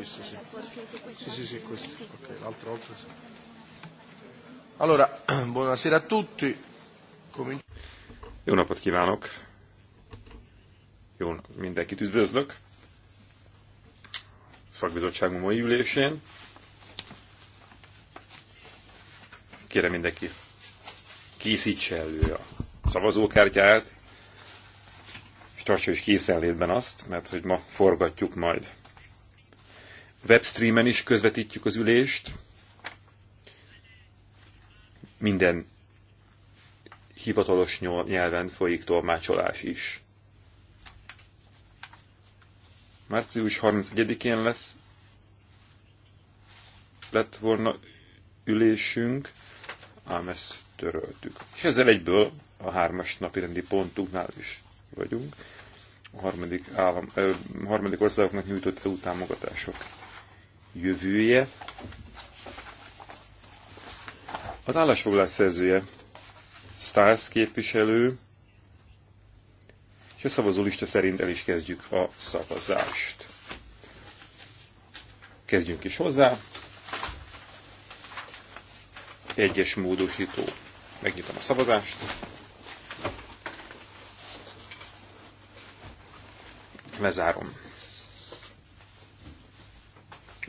questo, sì. Sì, sì, sì, questo. Ok, l'altro oltre. Sì. Allora, buonasera a tutti. Comin- Jó napot kívánok! Jó, mindenkit üdvözlök! Szakbizottság mai ülésén. Kérem mindenki, készítse elő a szavazókártyát, és tartsa is készenlétben azt, mert hogy ma forgatjuk majd webstreamen is közvetítjük az ülést. Minden hivatalos nyelven folyik tolmácsolás is. Március 31-én lesz lett volna ülésünk, ám ezt töröltük. És ezzel egyből a hármas napi rendi pontunknál is vagyunk. A harmadik, állam, ö, harmadik országoknak nyújtott EU támogatások jövője. Az állásfoglás szerzője Stars képviselő, és a szavazólista szerint el is kezdjük a szavazást. Kezdjünk is hozzá. Egyes módosító. Megnyitom a szavazást. Lezárom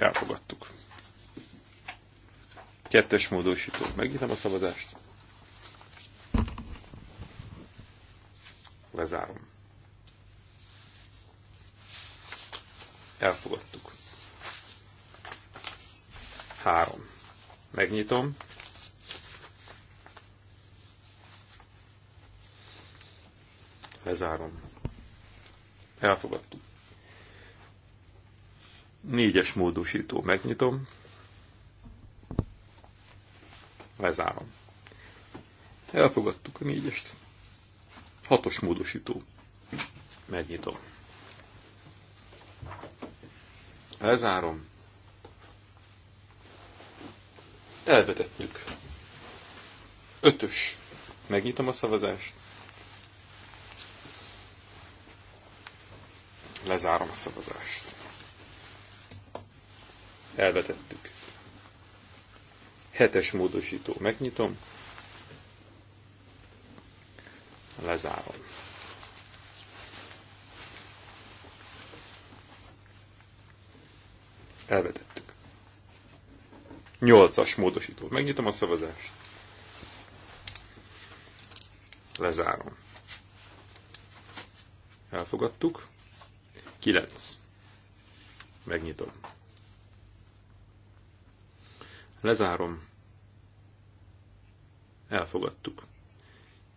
elfogadtuk. Kettes módosító. Megnyitom a szavazást. Lezárom. Elfogadtuk. Három. Megnyitom. Lezárom. Elfogadtuk. Négyes módosító, megnyitom. Lezárom. Elfogadtuk a négyest. Hatos módosító. Megnyitom. Lezárom. Elvetettük. Ötös. Megnyitom a szavazást. Lezárom a szavazást. Elvetettük. Hetes módosító. Megnyitom. Lezárom. Elvetettük. Nyolcas módosító. Megnyitom a szavazást. Lezárom. Elfogadtuk. Kilenc. Megnyitom. Lezárom. Elfogadtuk.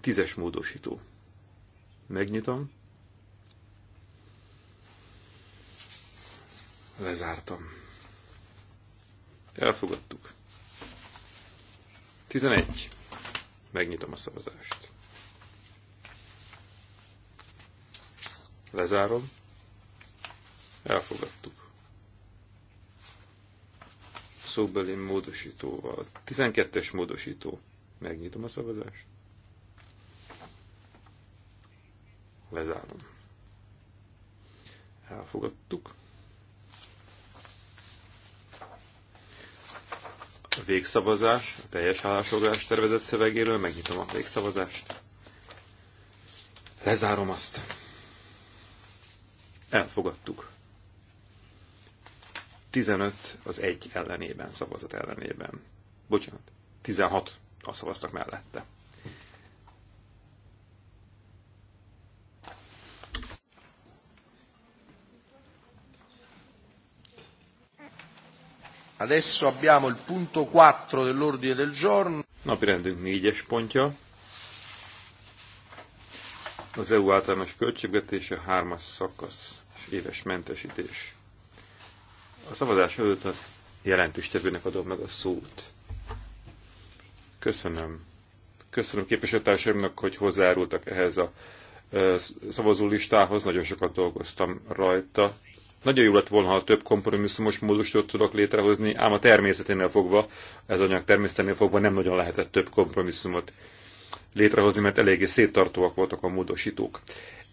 Tízes módosító. Megnyitom. Lezártam. Elfogadtuk. 11. Megnyitom a szavazást. Lezárom. Elfogadtuk szóbeli módosítóval. 12-es módosító. Megnyitom a szavazást. Lezárom. Elfogadtuk. A végszavazás, a teljes állásfoglalás tervezett szövegéről. Megnyitom a végszavazást. Lezárom azt. Elfogadtuk. 15 az egy ellenében, szavazat ellenében. Bocsánat, 16 a szavaztak mellette. Adesso abbiamo il punto 4 dell'ordine del giorno. rendünk négyes pontja. Az EU általános költségvetése hármas szakasz és éves mentesítés. A szavazás előtt a jelentős tevőnek adom meg a szót. Köszönöm. Köszönöm képviselőtársaimnak, hogy hozzárultak ehhez a szavazólistához, nagyon sokat dolgoztam rajta. Nagyon jó lett volna, ha több kompromisszumos módosítót tudok létrehozni, ám a természeténél fogva, ez anyag természeténél fogva nem nagyon lehetett több kompromisszumot létrehozni, mert eléggé széttartóak voltak a módosítók.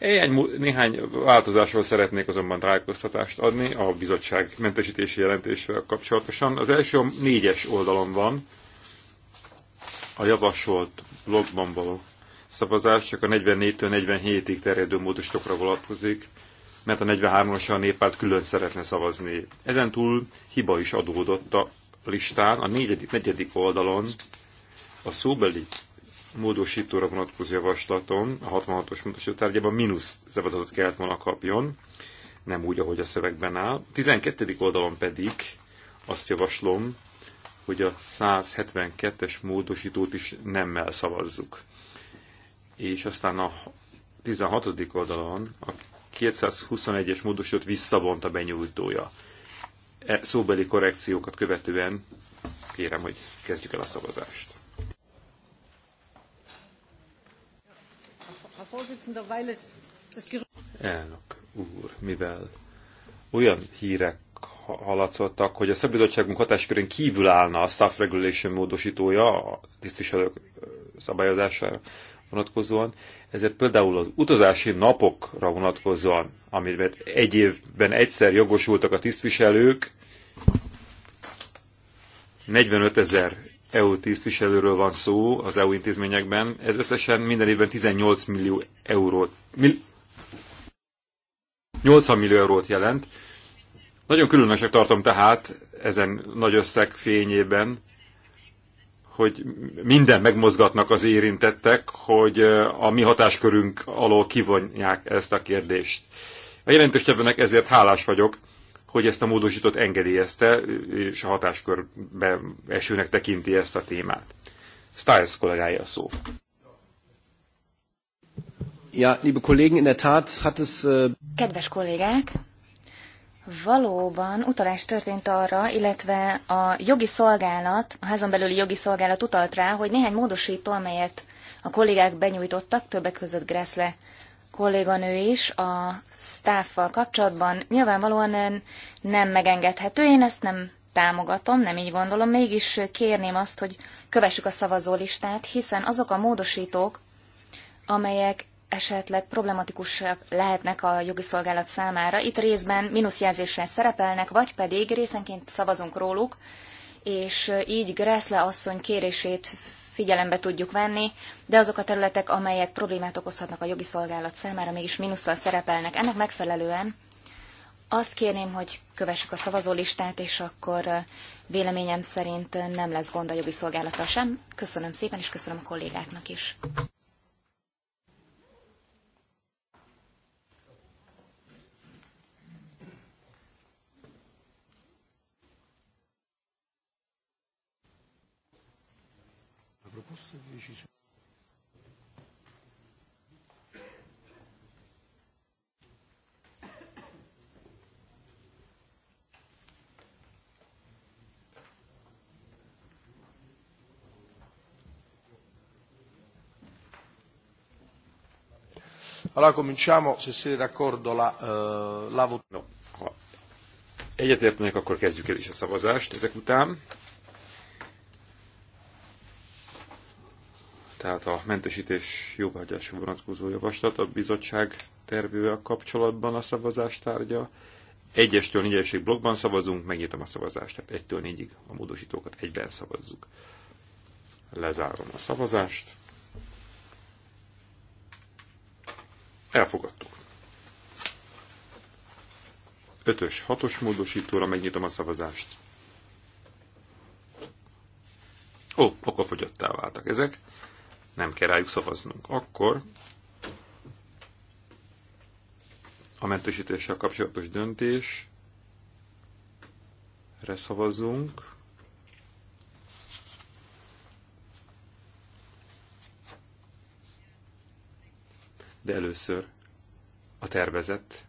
Néhány, néhány változásról szeretnék azonban tájékoztatást adni a bizottság mentesítési jelentésével kapcsolatosan. Az első a négyes oldalon van, a javasolt blogban való szavazás csak a 44-től 47-ig terjedő módosítókra vonatkozik, mert a 43-osra a néppárt külön szeretne szavazni. Ezen túl hiba is adódott a listán, a negyedik, negyedik oldalon a szóbeli módosítóra vonatkozó javaslatom a 66-os módosító tárgyában mínusz szavazatot kellett volna kapjon, nem úgy, ahogy a szövegben áll. 12. oldalon pedig azt javaslom, hogy a 172-es módosítót is nemmel szavazzuk. És aztán a 16. oldalon a 221-es módosítót visszavonta benyújtója. E szóbeli korrekciókat követően kérem, hogy kezdjük el a szavazást. Elnök úr, mivel olyan hírek haladszottak, hogy a szabadságunk hatáskörén kívül állna a staff regulation módosítója a tisztviselők szabályozására vonatkozóan, ezért például az utazási napokra vonatkozóan, amiben egy évben egyszer jogosultak a tisztviselők, 45 ezer EU tisztviselőről van szó az EU intézményekben. Ez összesen minden évben 18 millió eurót, mil, 80 millió eurót jelent. Nagyon különösek tartom tehát ezen nagy összeg fényében, hogy minden megmozgatnak az érintettek, hogy a mi hatáskörünk alól kivonják ezt a kérdést. A jelentős ezért hálás vagyok, hogy ezt a módosított engedélyezte, és a hatáskörbe esőnek tekinti ezt a témát. Stiles kollégája a szó. Ja, liebe Kollegen, in der Tat hat es... Uh... Kedves kollégák, Valóban utalás történt arra, illetve a jogi szolgálat, a házon belüli jogi szolgálat utalt rá, hogy néhány módosító, amelyet a kollégák benyújtottak, többek között Gressle kolléganő is a sztáffal kapcsolatban nyilvánvalóan nem megengedhető, én ezt nem támogatom, nem így gondolom, mégis kérném azt, hogy kövessük a szavazólistát, hiszen azok a módosítók, amelyek esetleg problematikusak lehetnek a jogi szolgálat számára, itt részben mínuszjelzéssel szerepelnek, vagy pedig részenként szavazunk róluk, és így Gressle asszony kérését figyelembe tudjuk venni, de azok a területek, amelyek problémát okozhatnak a jogi szolgálat számára, mégis mínusszal szerepelnek. Ennek megfelelően azt kérném, hogy kövessük a szavazólistát, és akkor véleményem szerint nem lesz gond a jogi szolgálattal sem. Köszönöm szépen, és köszönöm a kollégáknak is. Allora cominciamo, se siete d'accordo, la, uh, la votazione. No, ha egyetértenek, akkor kezdjük el is a szavazást ezek után. Tehát a mentesítés jóvágyásra vonatkozó javaslat, a bizottság tervővel kapcsolatban a szavazás tárgya. Egyestől négyesig blokkban szavazunk, megnyitom a szavazást, tehát egytől négyig a módosítókat egyben szavazzuk. Lezárom a szavazást. Elfogadtuk. 5-ös, 6-os módosítóra megnyitom a szavazást. Ó, akkor fogyottá váltak ezek. Nem kell rájuk szavaznunk. Akkor a mentesítéssel kapcsolatos döntésre szavazunk. de először a tervezett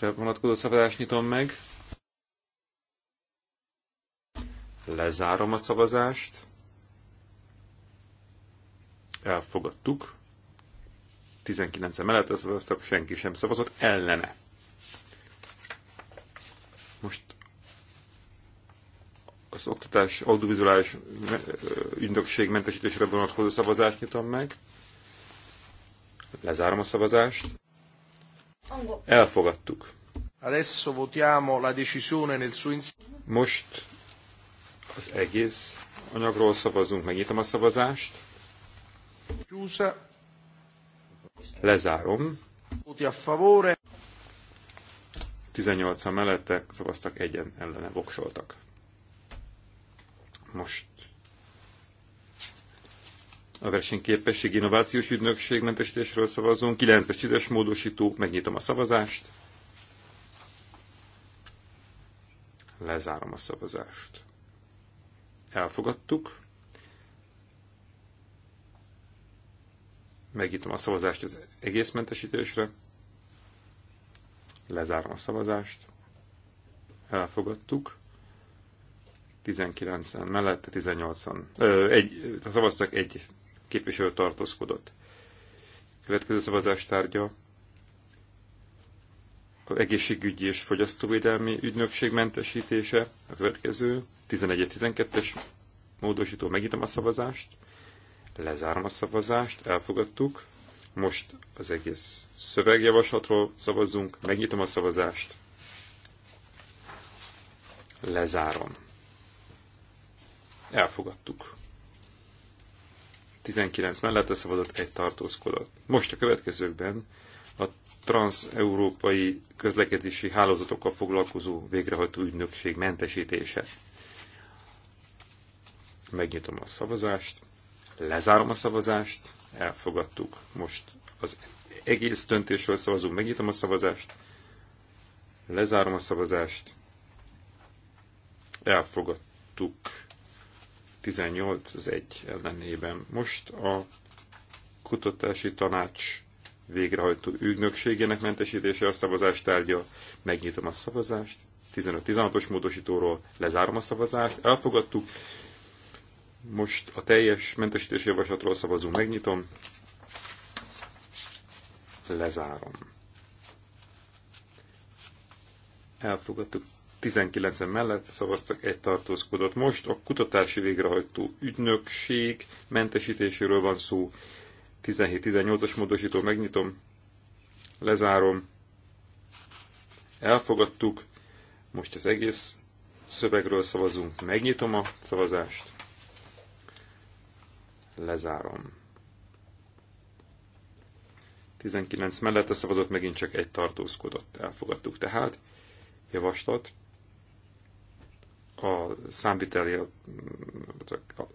vonatkozó szavazást nyitom meg. Lezárom a szavazást. Elfogadtuk. 19 mellett szavaztak, senki sem szavazott ellene. Most az oktatás audiovizuális ügynökség mentesítésre vonatkozó szavazást nyitom meg. Lezárom a szavazást. Elfogadtuk. Adesso votiamo la decisione nel suo Most az egész anyagról szavazunk. Megnyitom a szavazást. Chiusa. Lezárom. Voti a favore. 18-an mellette szavaztak, egyen ellene voksoltak. Most a versenyképesség innovációs ügynökség mentesítésről szavazunk, 9-es 10 módosító, megnyitom a szavazást, lezárom a szavazást. Elfogadtuk. Megnyitom a szavazást az egész mentesítésre. Lezárom a szavazást. Elfogadtuk. 19-en mellette, 18-an. Ö, egy, szavaztak egy képviselő tartózkodott. Következő szavazás tárgya az egészségügyi és fogyasztóvédelmi ügynökség mentesítése, a következő 11-12-es módosító, megnyitom a szavazást, lezárom a szavazást, elfogadtuk, most az egész szövegjavaslatról szavazzunk, megnyitom a szavazást, lezárom. Elfogadtuk. 19 mellette szavazat egy tartózkodott. Most a következőkben a transeurópai közlekedési hálózatokkal foglalkozó végrehajtó ügynökség mentesítése. Megnyitom a szavazást, lezárom a szavazást, elfogadtuk. Most az egész döntésről szavazunk, megnyitom a szavazást, lezárom a szavazást, elfogadtuk 18 az 1 ellenében. Most a kutatási tanács végrehajtó ügynökségének mentesítése a szavazás tárgya. Megnyitom a szavazást. 15-16-os módosítóról lezárom a szavazást. Elfogadtuk. Most a teljes mentesítési javaslatról szavazunk. Megnyitom. Lezárom. Elfogadtuk 19-en mellett szavaztak, egy tartózkodott. Most a kutatási végrehajtó ügynökség mentesítéséről van szó. 17-18-as módosító, megnyitom, lezárom, elfogadtuk, most az egész szövegről szavazunk, megnyitom a szavazást, lezárom. 19 mellette szavazott, megint csak egy tartózkodott. Elfogadtuk tehát. Javaslat a számviteli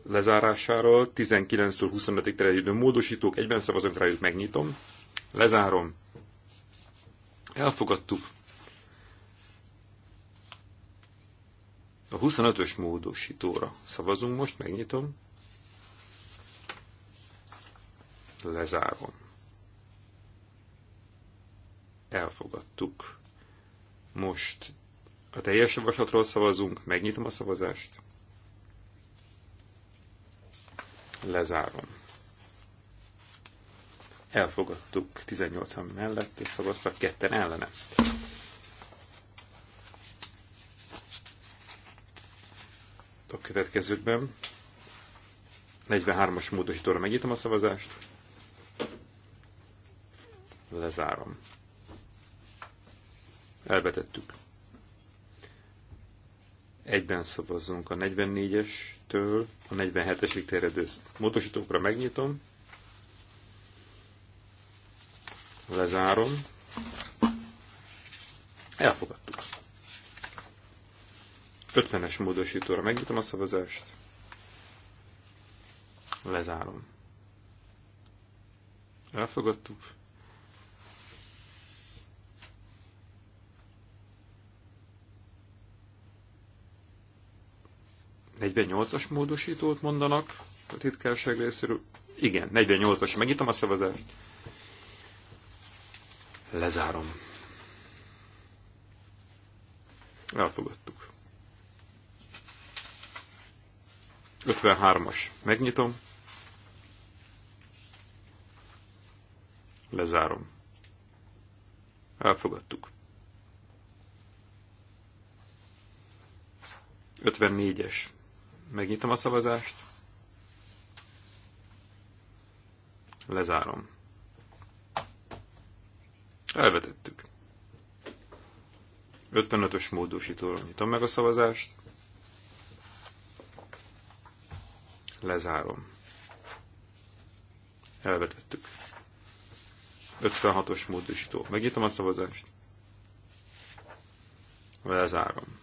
lezárásáról, 19-től 25-ig terjedő módosítók, egyben szavazunk rájuk, megnyitom, lezárom, elfogadtuk. A 25-ös módosítóra szavazunk most, megnyitom, lezárom. Elfogadtuk. Most a teljes javaslatról szavazunk, megnyitom a szavazást. Lezárom. Elfogadtuk 18 mellett, és szavaztak ketten ellene. A következőkben 43-as módosítóra megnyitom a szavazást. Lezárom. Elvetettük. Egyben szavazzunk a 44-estől a 47-esig terjedő módosítókra megnyitom. Lezárom. Elfogadtuk. 50-es módosítóra megnyitom a szavazást. Lezárom. Elfogadtuk. 48-as módosítót mondanak a titkárság részéről. Igen, 48-as. Megítom a szavazást. Lezárom. Elfogadtuk. 53-as. Megnyitom. Lezárom. Elfogadtuk. 54-es. Megnyitom a szavazást. Lezárom. Elvetettük. 55-ös módosítóról nyitom meg a szavazást. Lezárom. Elvetettük. 56-os módosító. Megnyitom a szavazást. Lezárom.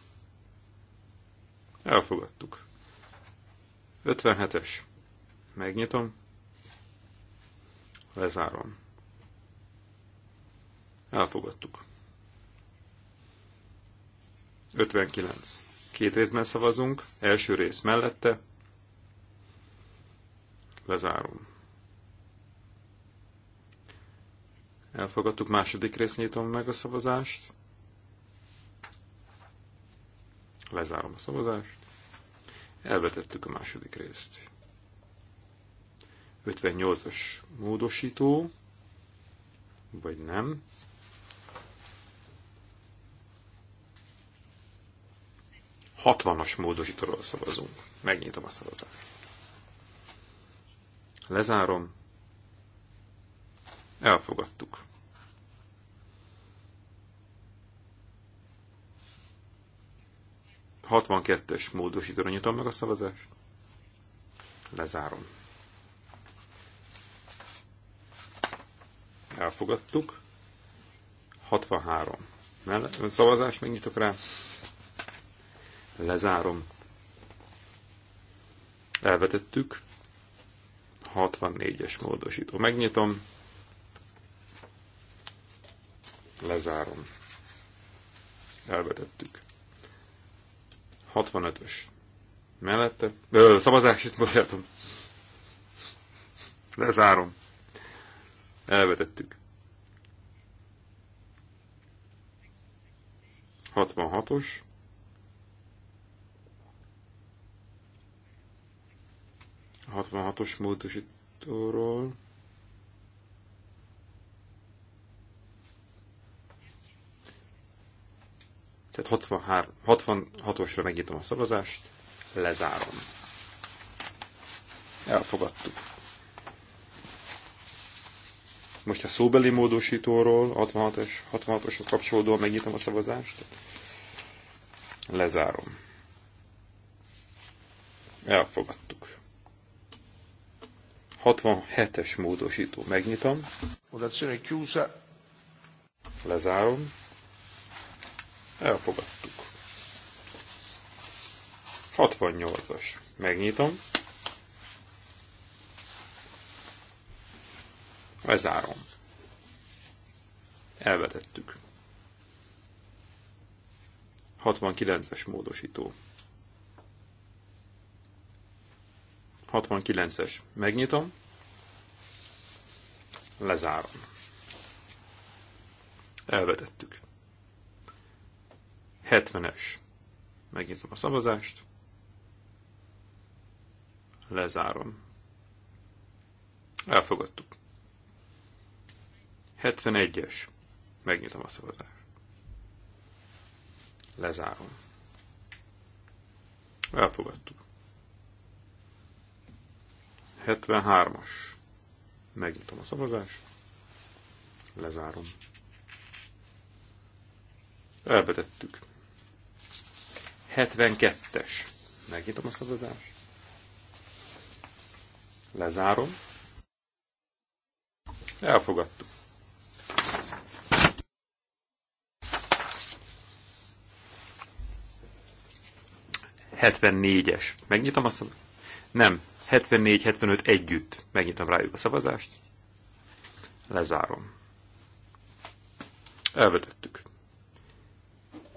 Elfogadtuk. 57-es. Megnyitom. Lezárom. Elfogadtuk. 59. Két részben szavazunk. Első rész mellette. Lezárom. Elfogadtuk. Második rész nyitom meg a szavazást. Lezárom a szavazást. Elvetettük a második részt. 58-as módosító, vagy nem. Hatvanas módosítóról szavazunk. Megnyitom a szavazást. Lezárom. Elfogadtuk. 62-es módosítóra nyitom meg a szavazást. Lezárom. Elfogadtuk. 63. Mellett, szavazást megnyitok rá. Lezárom. Elvetettük. 64-es módosító. Megnyitom. Lezárom. Elvetettük. 65-ös. Mellette? Ö, szavazásit, bocsátom. Lezárom. Elvetettük. 66-os. A 66-os módosítóról. Tehát 66-osra megnyitom a szavazást, lezárom. Elfogadtuk. Most a szóbeli módosítóról, 66-os, 66-oshoz kapcsolódóan megnyitom a szavazást. Lezárom. Elfogadtuk. 67-es módosító. Megnyitom. chiusa. Lezárom. Elfogadtuk. 68-as. Megnyitom. Lezárom. Elvetettük. 69-es módosító. 69-es. Megnyitom. Lezárom. Elvetettük. 70-es. Megnyitom a szavazást. Lezárom. Elfogadtuk. 71-es. Megnyitom a szavazást. Lezárom. Elfogadtuk. 73-as. Megnyitom a szavazást. Lezárom. Elvetettük. 72-es. Megnyitom a szavazást. Lezárom. Elfogadtuk. es Megnyitom a szavazást. Nem. 74-75 együtt. Megnyitom rájuk a szavazást. Lezárom. Elvetettük.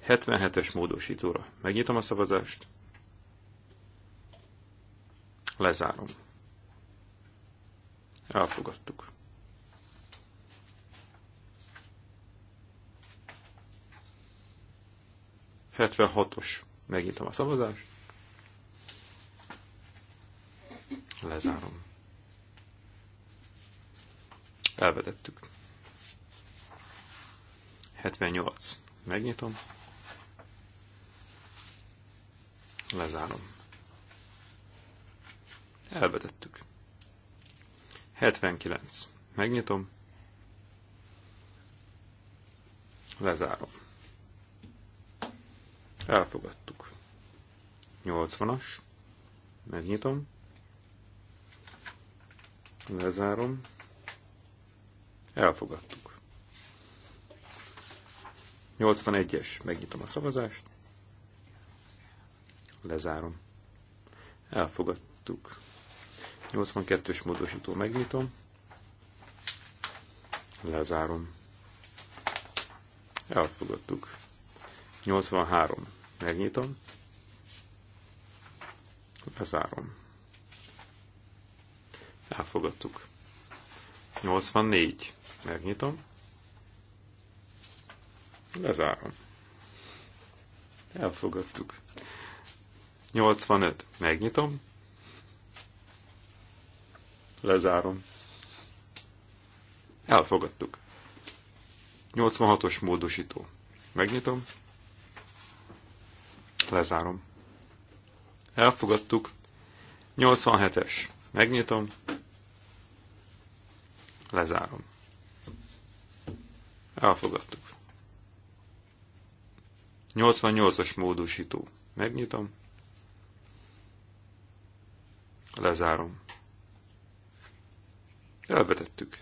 77-es módosítóra. Megnyitom a szavazást. Lezárom. Elfogadtuk. os Megnyitom a szavazást. Lezárom. Elvetettük. 78. Megnyitom. Lezárom. Elvetettük. 79. Megnyitom. Lezárom. Elfogadtuk. 80-as. Megnyitom. Lezárom. Elfogadtuk. 81-es. Megnyitom a szavazást. Lezárom. Elfogadtuk. 82-ös módosító megnyitom. Lezárom. Elfogadtuk. 83. Megnyitom. Lezárom. Elfogadtuk. 84. Megnyitom. Lezárom. Elfogadtuk. 85. Megnyitom. Lezárom. Elfogadtuk. 86-os módosító. Megnyitom. Lezárom. Elfogadtuk. 87-es. Megnyitom. Lezárom. Elfogadtuk. 88-as módosító. Megnyitom. Lezárom. Elvetettük.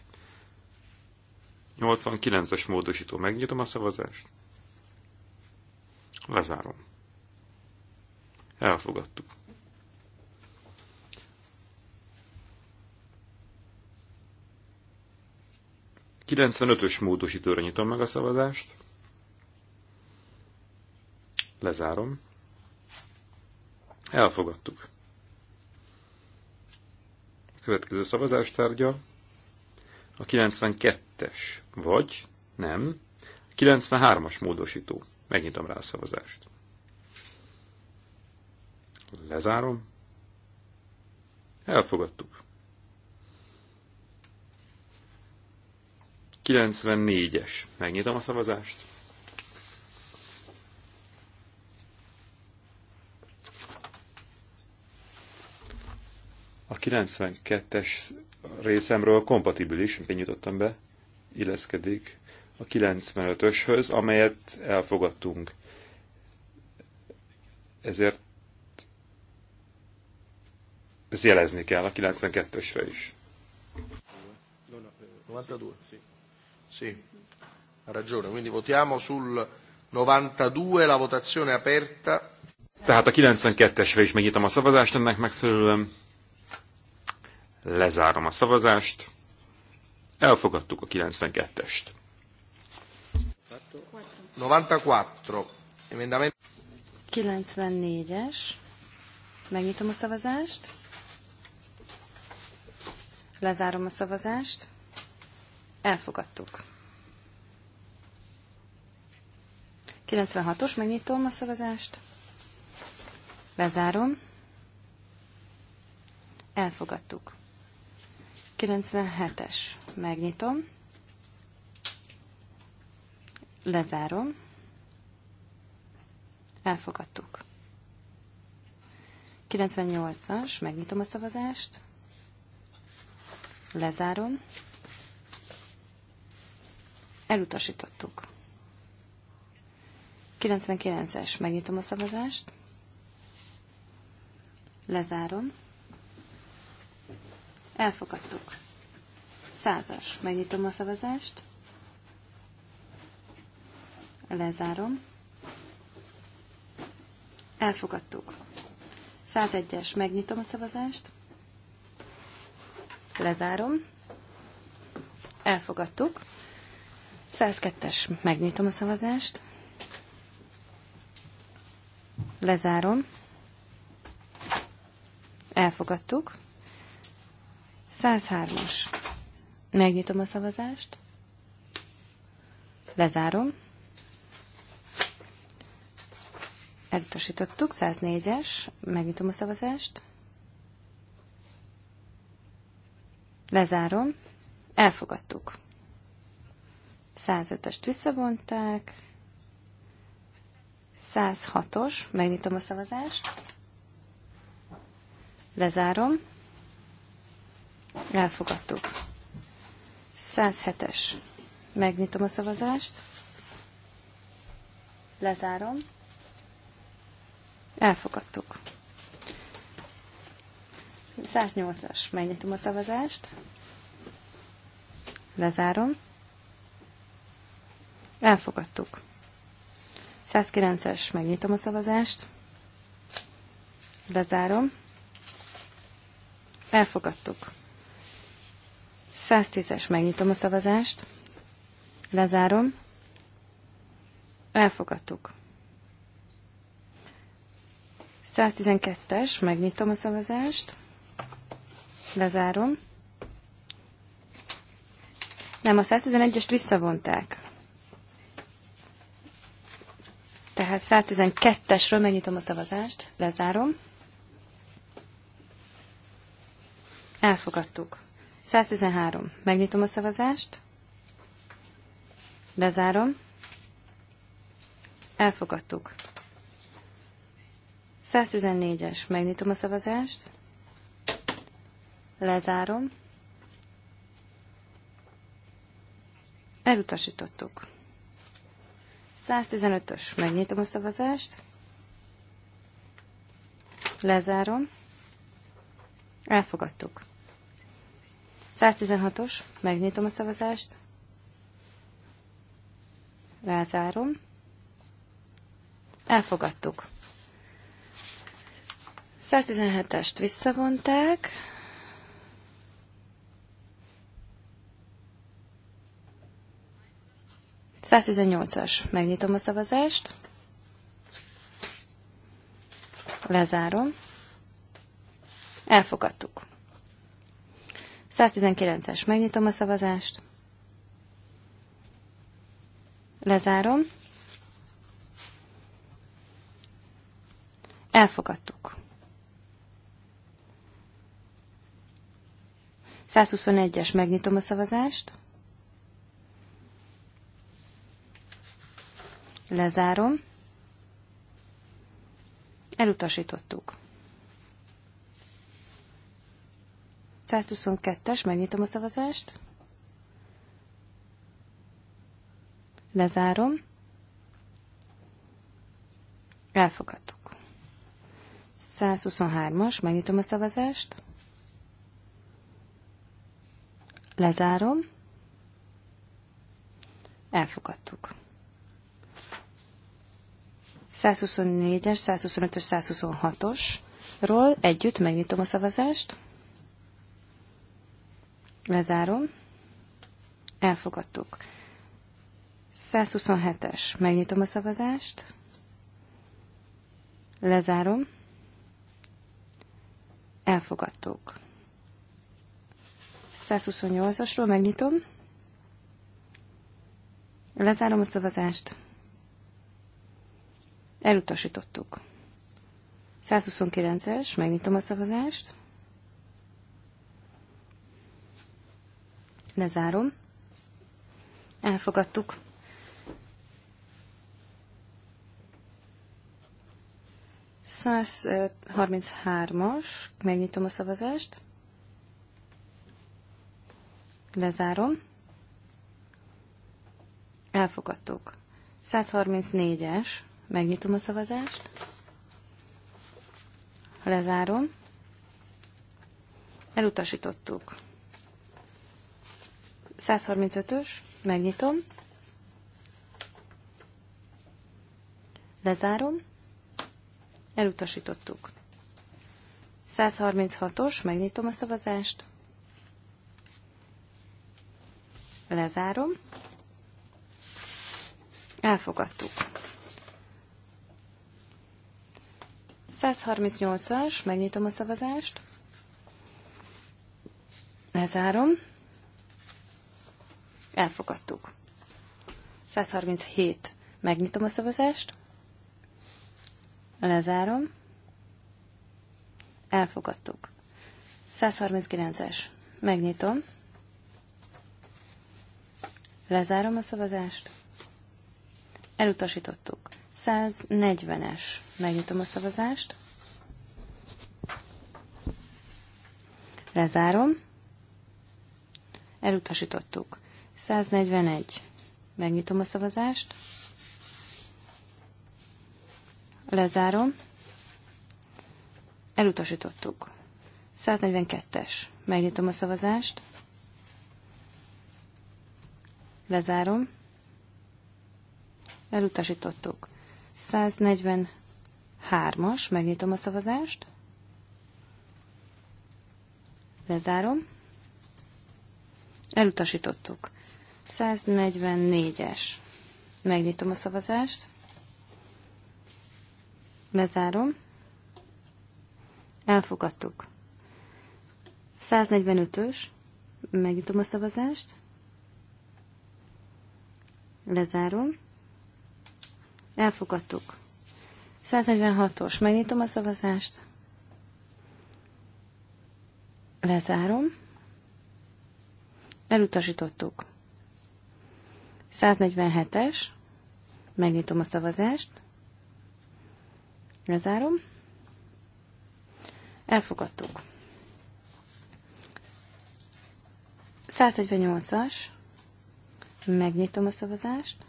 89-es módosító. Megnyitom a szavazást. Lezárom. Elfogadtuk. Kilencvenötös módosítóra nyitom meg a szavazást. Lezárom. Elfogadtuk következő szavazástárgya a 92-es, vagy nem, 93-as módosító. Megnyitom rá a szavazást. Lezárom. Elfogadtuk. 94-es. Megnyitom a szavazást. 92-es részemről kompatibilis, én nyitottam be, illeszkedik a 95-öshöz, amelyet elfogadtunk. Ezért ez jelezni kell a 92-ösre is. 92. Sì. Ha ragione, quindi votiamo sul 92, la votazione aperta. Tehát a 92-esre is megnyitom a szavazást ennek megfelelően. Lezárom a szavazást. Elfogadtuk a 92-est. 94-es. Megnyitom a szavazást. Lezárom a szavazást. Elfogadtuk. 96-os, megnyitom a szavazást. Lezárom. Elfogadtuk. 97-es. Megnyitom. Lezárom. Elfogadtuk. 98-as. Megnyitom a szavazást. Lezárom. Elutasítottuk. 99-es. Megnyitom a szavazást. Lezárom. Elfogadtuk. Százas. Megnyitom a szavazást. Lezárom. Elfogadtuk. 101-es. Megnyitom a szavazást. Lezárom. Elfogadtuk. 102-es. Megnyitom a szavazást. Lezárom. Elfogadtuk. 103-as. Megnyitom a szavazást. Lezárom. Elutasítottuk. 104-es. Megnyitom a szavazást. Lezárom. Elfogadtuk. 105-est visszavonták. 106-os. Megnyitom a szavazást. Lezárom. Elfogadtuk. 107-es. Megnyitom a szavazást. Lezárom. Elfogadtuk. 108-as. Megnyitom a szavazást. Lezárom. Elfogadtuk. 109-es. Megnyitom a szavazást. Lezárom. Elfogadtuk. 110-es, megnyitom a szavazást. Lezárom. Elfogadtuk. 112-es, megnyitom a szavazást. Lezárom. Nem, a 111-est visszavonták. Tehát 112-esről megnyitom a szavazást, lezárom. Elfogadtuk. 113. Megnyitom a szavazást. Lezárom. Elfogadtuk. 114-es. Megnyitom a szavazást. Lezárom. Elutasítottuk. 115-ös. Megnyitom a szavazást. Lezárom. Elfogadtuk. 116-os, megnyitom a szavazást, lezárom, elfogadtuk. 117-est visszavonták, as megnyitom a szavazást, lezárom, elfogadtuk. 119-es. Megnyitom a szavazást. Lezárom. Elfogadtuk. 121-es. Megnyitom a szavazást. Lezárom. Elutasítottuk. 122-es, megnyitom a szavazást. Lezárom. Elfogadtuk. 123-as, megnyitom a szavazást. Lezárom. Elfogadtuk. 124-es, 125-ös, 126-osról együtt megnyitom a szavazást. Lezárom. Elfogadtuk. 127-es. Megnyitom a szavazást. Lezárom. Elfogadtuk. 128-asról megnyitom. Lezárom a szavazást. Elutasítottuk. 129-es, megnyitom a szavazást. lezárom. Elfogadtuk. Száz as megnyitom a szavazást. Lezárom. Elfogadtuk. 134-es, megnyitom a szavazást. Lezárom. Elutasítottuk. 135-ös, megnyitom. Lezárom. Elutasítottuk. 136-os, megnyitom a szavazást. Lezárom. Elfogadtuk. 138-as, megnyitom a szavazást. Lezárom. Elfogadtuk. 137. Megnyitom a szavazást. Lezárom. Elfogadtuk. 139-es. Megnyitom. Lezárom a szavazást. Elutasítottuk. 140-es. Megnyitom a szavazást. Lezárom. Elutasítottuk. 141. Megnyitom a szavazást. Lezárom. Elutasítottuk. 142-es. Megnyitom a szavazást. Lezárom. Elutasítottuk. 143-as. Megnyitom a szavazást. Lezárom. Elutasítottuk. 144-es. Megnyitom a szavazást. Bezárom. Elfogadtuk. 145-ös. Megnyitom a szavazást. Lezárom. Elfogadtuk. 146-os. Megnyitom a szavazást. Lezárom. Elutasítottuk. 147-es, megnyitom a szavazást, lezárom, elfogadtuk. 148-as, megnyitom a szavazást,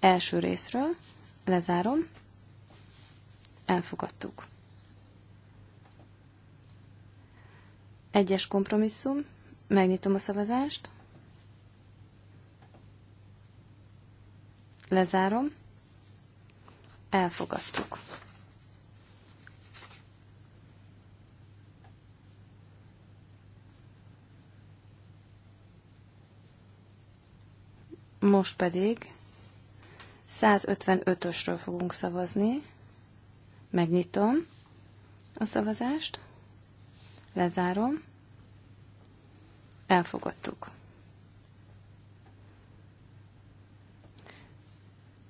első részről, lezárom, elfogadtuk. Egyes kompromisszum, megnyitom a szavazást, Lezárom. Elfogadtuk. Most pedig 155-ösről fogunk szavazni. Megnyitom a szavazást, lezárom, elfogadtuk.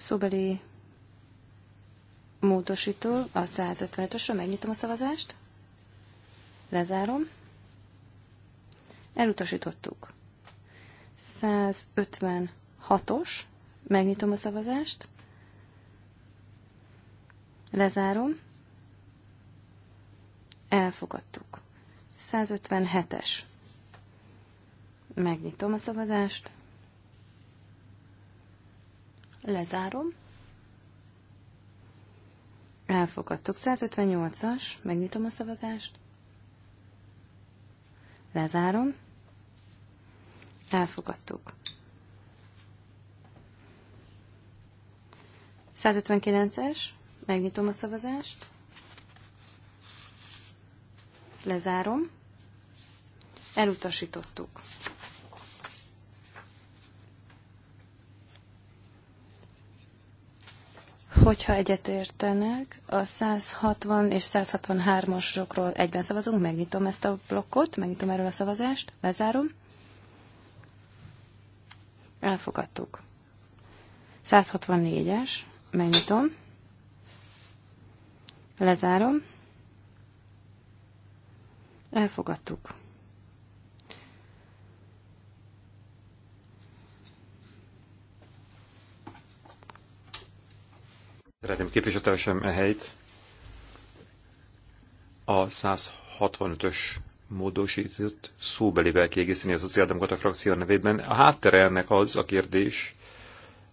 Szóbeli módosító a 155-ösről. Megnyitom a szavazást. Lezárom. Elutasítottuk. 156-os. Megnyitom a szavazást. Lezárom. Elfogadtuk. 157-es. Megnyitom a szavazást. Lezárom. Elfogadtuk. 158-as. Megnyitom a szavazást. Lezárom. Elfogadtuk. 159-es. Megnyitom a szavazást. Lezárom. Elutasítottuk. Hogyha egyetértenek, a 160 és 163-asokról egyben szavazunk, megnyitom ezt a blokkot, megnyitom erről a szavazást, lezárom. Elfogadtuk. 164-es, megnyitom. Lezárom. Elfogadtuk. Szeretném e helyt. a 165-ös módosított szóbelivel kiegészíteni a szociáldemokrata frakció nevében. A háttere ennek az a kérdés,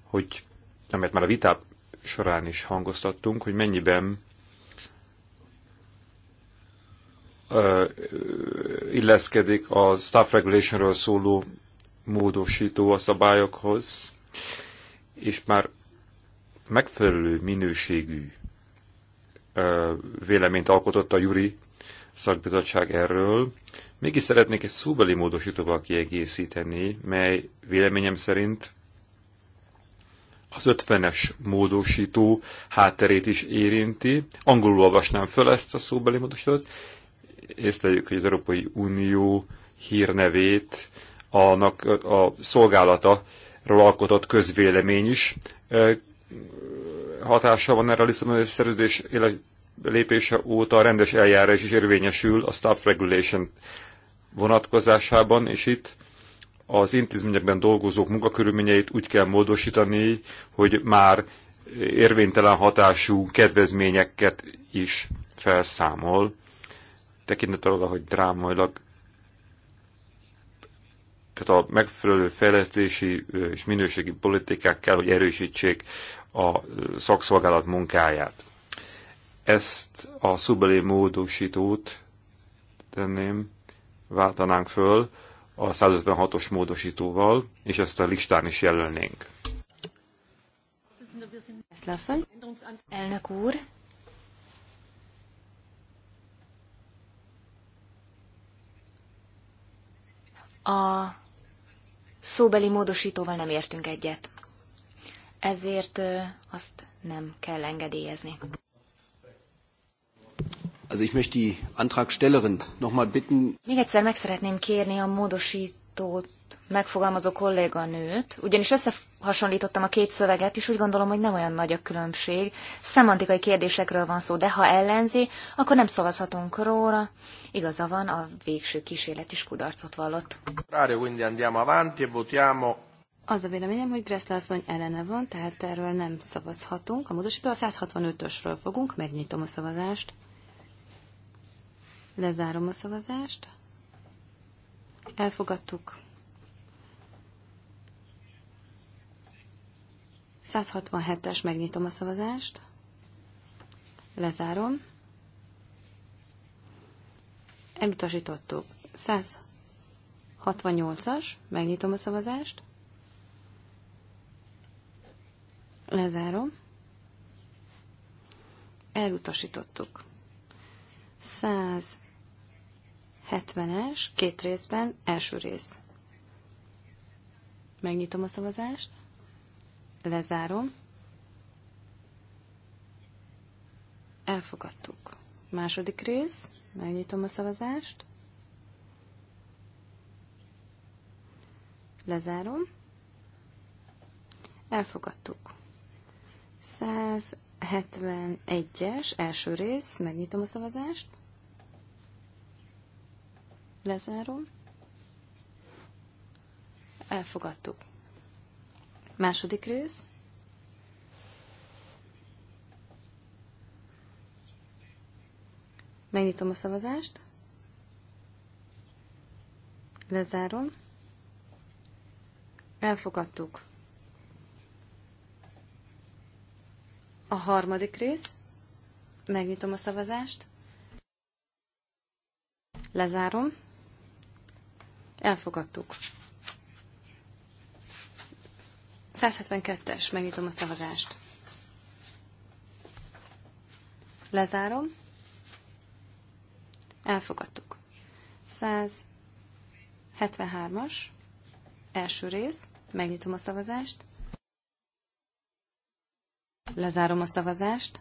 hogy, amit már a vitá során is hangoztattunk, hogy mennyiben uh, illeszkedik a staff regulationről szóló módosító a szabályokhoz, és már megfelelő minőségű véleményt alkotott a Juri szakbizottság erről. Mégis szeretnék egy szóbeli módosítóval kiegészíteni, mely véleményem szerint az 50-es módosító hátterét is érinti. Angolul olvasnám föl ezt a szóbeli módosítót. Észleljük, hogy az Európai Unió hírnevét annak a szolgálata ról alkotott közvélemény is hatása van erre a Lisszaboni szerződés lépése óta a rendes eljárás is érvényesül a staff regulation vonatkozásában, és itt az intézményekben dolgozók munkakörülményeit úgy kell módosítani, hogy már érvénytelen hatású kedvezményeket is felszámol, tekintettel oda, hogy drámailag tehát a megfelelő fejlesztési és minőségi politikák kell, hogy erősítsék a szakszolgálat munkáját. Ezt a szubeli módosítót tenném, váltanánk föl a 156-os módosítóval, és ezt a listán is jelölnénk. elnök úr, a szóbeli módosítóval nem értünk egyet ezért azt nem kell engedélyezni. Also ich möchte die Antragstellerin noch mal bitten. Még egyszer meg szeretném kérni a módosítót megfogalmazó kolléganőt, ugyanis összehasonlítottam a két szöveget, és úgy gondolom, hogy nem olyan nagy a különbség. Szemantikai kérdésekről van szó, de ha ellenzi, akkor nem szavazhatunk róla. Igaza van, a végső kísérlet is kudarcot vallott. Rádió, quindi andiamo avanti e votiamo az a véleményem, hogy Gressler asszony ellene van, tehát erről nem szavazhatunk. A módosító a 165-ösről fogunk, megnyitom a szavazást. Lezárom a szavazást. Elfogadtuk. 167-es, megnyitom a szavazást. Lezárom. Elutasítottuk. 168-as, megnyitom a szavazást. Lezárom. Elutasítottuk. 170-es, két részben, első rész. Megnyitom a szavazást. Lezárom. Elfogadtuk. Második rész. Megnyitom a szavazást. Lezárom. Elfogadtuk. 171-es első rész, megnyitom a szavazást. Lezárom. Elfogadtuk. Második rész. Megnyitom a szavazást. Lezárom. Elfogadtuk. A harmadik rész. Megnyitom a szavazást. Lezárom. Elfogadtuk. 172-es. Megnyitom a szavazást. Lezárom. Elfogadtuk. 173-as. Első rész. Megnyitom a szavazást. Lezárom a szavazást.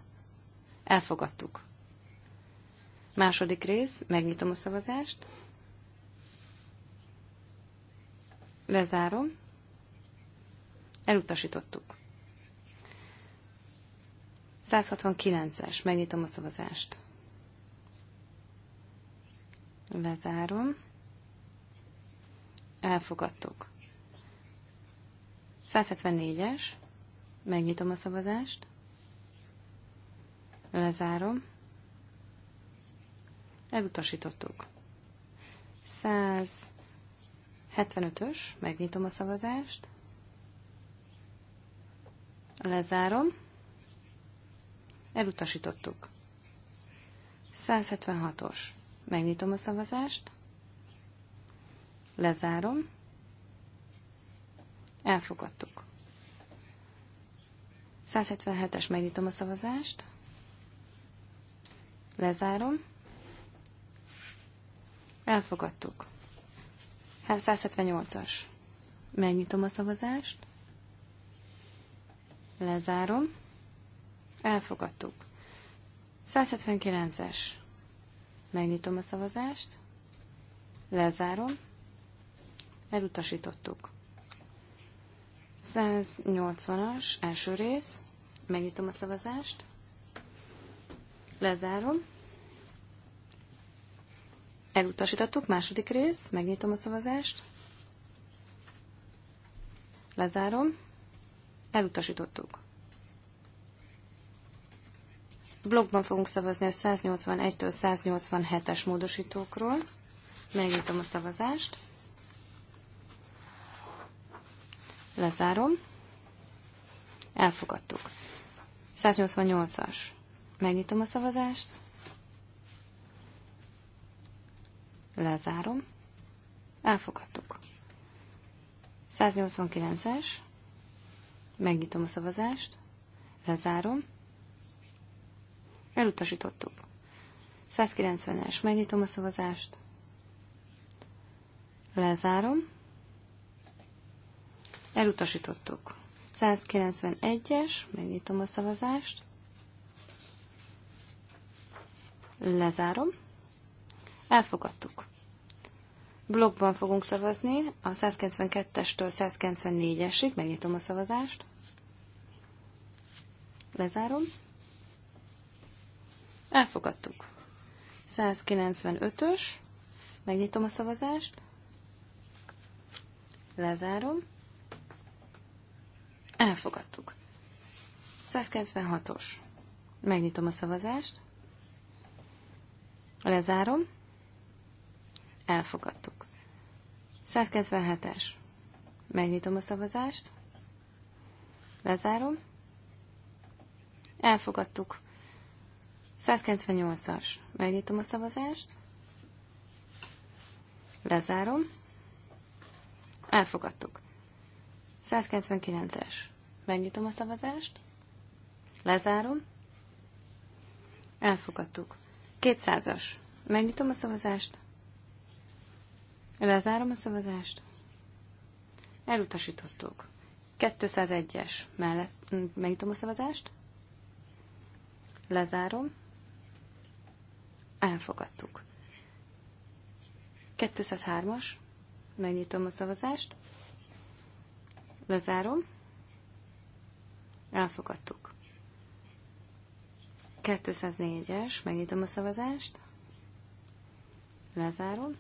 Elfogadtuk. Második rész, megnyitom a szavazást. Lezárom. Elutasítottuk. 169-es, megnyitom a szavazást. Lezárom. Elfogadtuk. 174-es. Megnyitom a szavazást. Lezárom. Elutasítottuk. 175-ös. Megnyitom a szavazást. Lezárom. Elutasítottuk. 176-os. Megnyitom a szavazást. Lezárom. Elfogadtuk. 177-es, megnyitom a szavazást. Lezárom. Elfogadtuk. 178-as. Hát, megnyitom a szavazást. Lezárom. Elfogadtuk. 179-es. Megnyitom a szavazást. Lezárom. Elutasítottuk. 180-as első rész. Megnyitom a szavazást. Lezárom. Elutasítottuk. Második rész. Megnyitom a szavazást. Lezárom. Elutasítottuk. Blogban fogunk szavazni a 181-től 187-es módosítókról. Megnyitom a szavazást. Lezárom. Elfogadtuk. 188-as. Megnyitom a szavazást. Lezárom. Elfogadtuk. 189-es. Megnyitom a szavazást. Lezárom. Elutasítottuk. 190-es. Megnyitom a szavazást. Lezárom. Elutasítottuk. 191-es, megnyitom a szavazást. Lezárom. Elfogadtuk. Blogban fogunk szavazni a 192-estől 194-esig. Megnyitom a szavazást. Lezárom. Elfogadtuk. 195-ös. Megnyitom a szavazást. Lezárom. Elfogadtuk. 196-os. Megnyitom a szavazást. Lezárom. Elfogadtuk. 197-es. Megnyitom a szavazást. Lezárom. Elfogadtuk. 198-as. Megnyitom a szavazást. Lezárom. Elfogadtuk. 199-es. Megnyitom a szavazást. Lezárom. Elfogadtuk. 200-as. Megnyitom a szavazást. Lezárom a szavazást. Elutasítottuk. 201-es. Mellett, mm, megnyitom a szavazást. Lezárom. Elfogadtuk. 203-as. Megnyitom a szavazást. Lezárom. Elfogadtuk. 204-es, megnyitom a szavazást. Lezárom.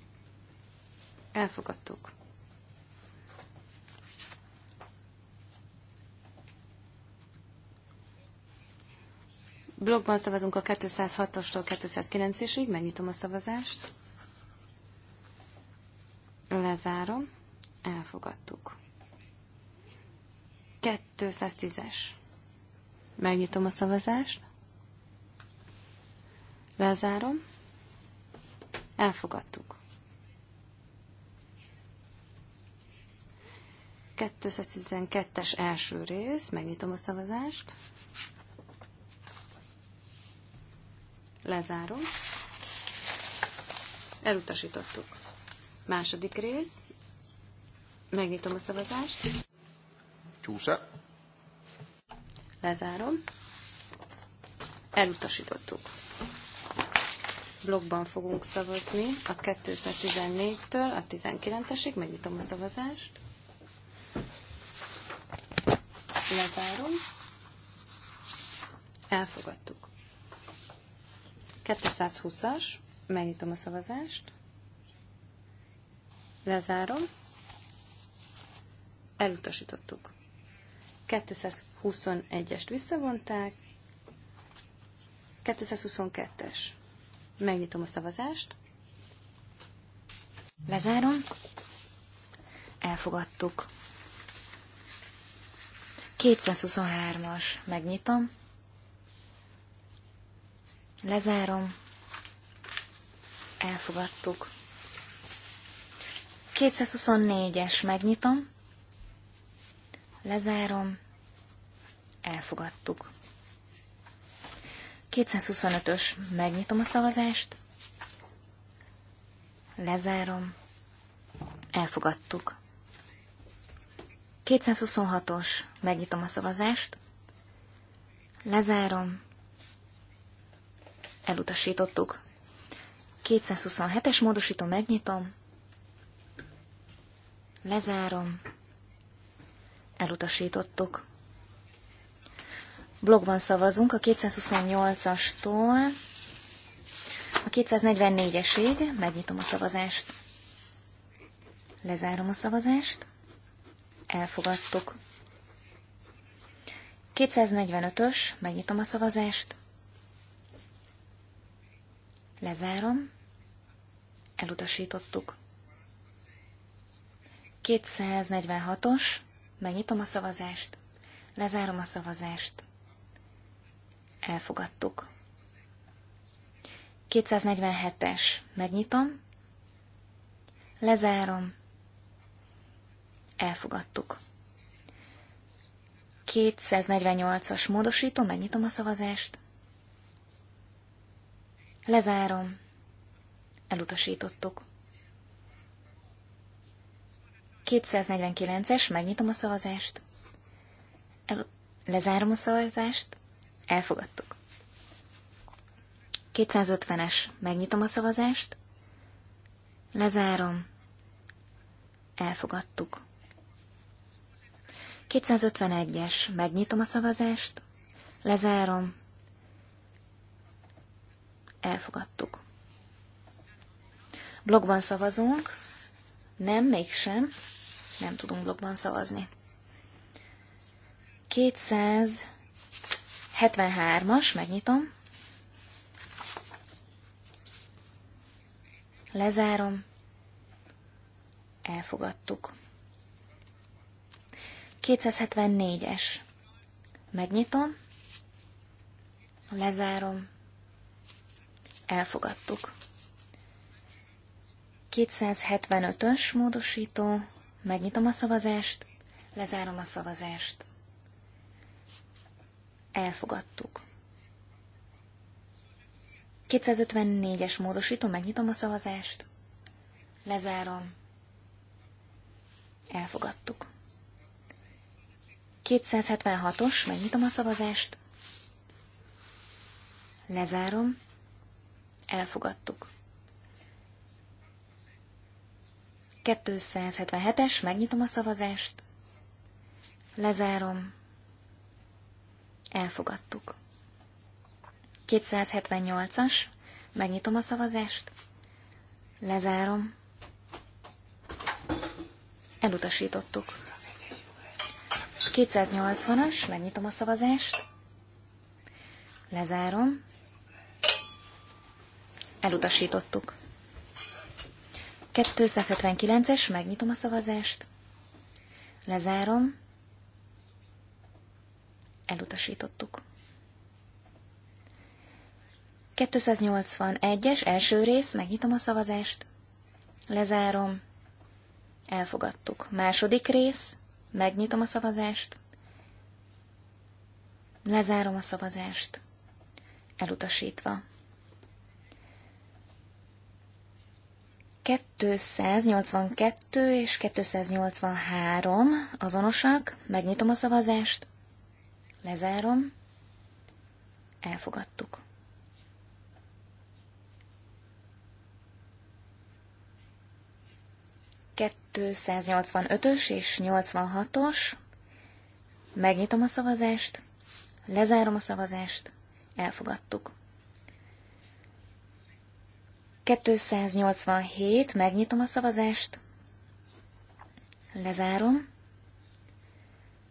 Elfogadtuk. Blogban szavazunk a 206-tól 209-ig, megnyitom a szavazást. Lezárom. Elfogadtuk. 210-es. Megnyitom a szavazást. Lezárom. Elfogadtuk. 212-es első rész, megnyitom a szavazást. Lezárom. Elutasítottuk. Második rész, megnyitom a szavazást. Chiusa. Lezárom. Elutasítottuk. Blogban fogunk szavazni a 214-től a 19-esig. Megnyitom a szavazást. Lezárom. Elfogadtuk. 220-as. Megnyitom a szavazást. Lezárom. Elutasítottuk. 221-est visszavonták, 222-es. Megnyitom a szavazást. Lezárom. Elfogadtuk. 223-as. Megnyitom. Lezárom. Elfogadtuk. 224-es. Megnyitom. Lezárom. Elfogadtuk. 225-ös. Megnyitom a szavazást. Lezárom. Elfogadtuk. 226-os. Megnyitom a szavazást. Lezárom. Elutasítottuk. 227-es módosító megnyitom. Lezárom elutasítottuk. Blogban szavazunk a 228-astól a 244-esig, megnyitom a szavazást. Lezárom a szavazást. Elfogadtuk. 245-ös, megnyitom a szavazást. Lezárom. Elutasítottuk. 246-os, Megnyitom a szavazást, lezárom a szavazást. Elfogadtuk. 247-es. Megnyitom, lezárom, elfogadtuk. 248-as módosítom, megnyitom a szavazást. Lezárom. Elutasítottuk. 249-es, megnyitom a szavazást. El, lezárom a szavazást. Elfogadtuk. 250-es, megnyitom a szavazást. Lezárom. Elfogadtuk. 251-es, megnyitom a szavazást. Lezárom. Elfogadtuk. Blogban szavazunk. Nem, mégsem nem tudunk blogban szavazni. 273-as, megnyitom. Lezárom. Elfogadtuk. 274-es. Megnyitom. Lezárom. Elfogadtuk. 275-ös módosító. Megnyitom a szavazást, lezárom a szavazást. Elfogadtuk. 254-es módosító, megnyitom a szavazást, lezárom, elfogadtuk. 276-os, megnyitom a szavazást, lezárom, elfogadtuk. 277-es, megnyitom a szavazást, lezárom, elfogadtuk. 278-as, megnyitom a szavazást, lezárom, elutasítottuk. 280-as, megnyitom a szavazást, lezárom, elutasítottuk. 279-es, megnyitom a szavazást, lezárom, elutasítottuk. 281-es, első rész, megnyitom a szavazást, lezárom, elfogadtuk. Második rész, megnyitom a szavazást, lezárom a szavazást, elutasítva. 282 és 283 azonosak. Megnyitom a szavazást. Lezárom. Elfogadtuk. ös és 86-os. Megnyitom a szavazást. Lezárom a szavazást. Elfogadtuk. 287, megnyitom a szavazást, lezárom,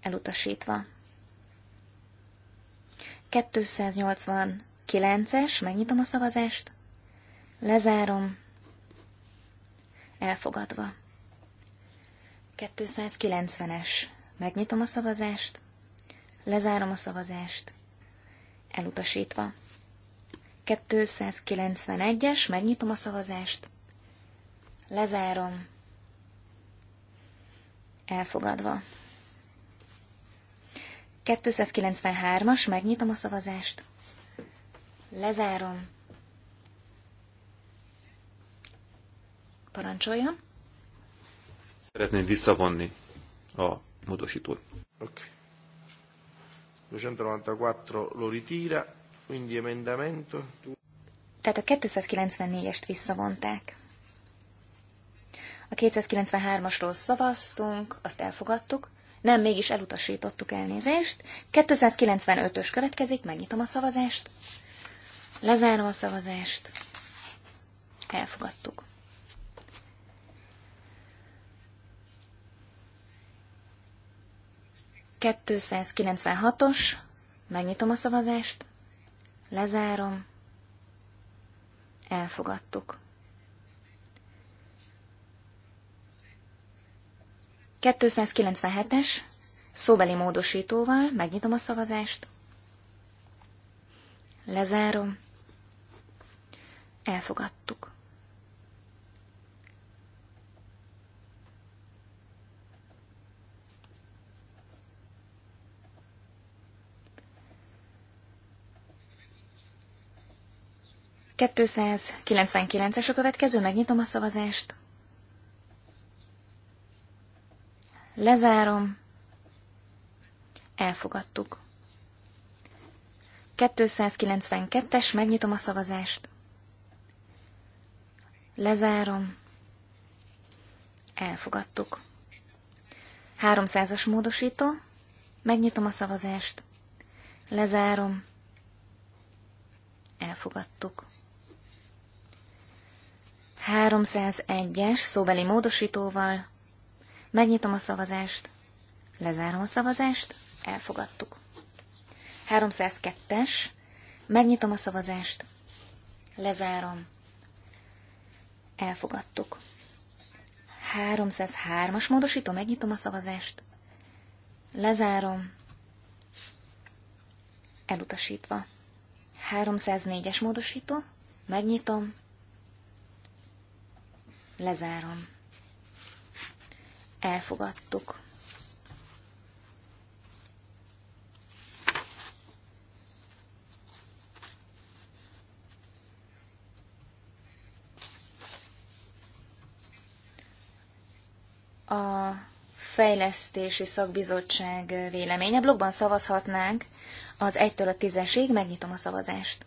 elutasítva. 289-es, megnyitom a szavazást, lezárom, elfogadva. 290-es, megnyitom a szavazást, lezárom a szavazást, elutasítva. 291-es, megnyitom a szavazást, lezárom, elfogadva. 293-as, megnyitom a szavazást, lezárom, parancsoljon. Szeretném visszavonni a módosítót. Oké. Okay. 294 lo ritira, Quindi emendamento... Tehát a 294-est visszavonták. A 293-asról szavaztunk, azt elfogadtuk. Nem, mégis elutasítottuk elnézést. 295-ös következik, megnyitom a szavazást. Lezárom a szavazást. Elfogadtuk. Kettőszázkilencvenhatos. Megnyitom a szavazást. Lezárom. Elfogadtuk. 297-es, szóbeli módosítóval, megnyitom a szavazást. Lezárom. Elfogadtuk. 299-es a következő, megnyitom a szavazást. Lezárom. Elfogadtuk. 292-es, megnyitom a szavazást. Lezárom. Elfogadtuk. 300-as módosító, megnyitom a szavazást. Lezárom. Elfogadtuk. 301-es szóbeli módosítóval. Megnyitom a szavazást. Lezárom a szavazást. Elfogadtuk. 302-es. Megnyitom a szavazást. Lezárom. Elfogadtuk. 303-as módosító. Megnyitom a szavazást. Lezárom. Elutasítva. 304-es módosító. Megnyitom. Lezárom. Elfogadtuk. A fejlesztési szakbizottság véleménye. Blogban szavazhatnánk az 1-től a 10-esig. Megnyitom a szavazást.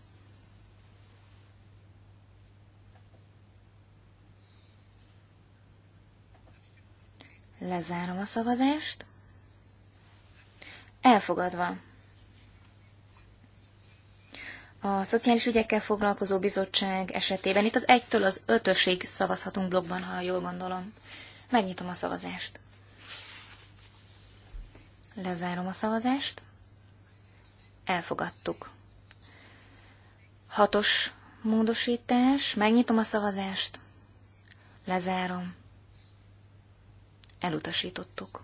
Lezárom a szavazást. Elfogadva. A Szociális Ügyekkel Foglalkozó Bizottság esetében itt az 1-től az 5-ösig szavazhatunk blogban, ha jól gondolom. Megnyitom a szavazást. Lezárom a szavazást. Elfogadtuk. Hatos módosítás. Megnyitom a szavazást. Lezárom. Elutasítottuk.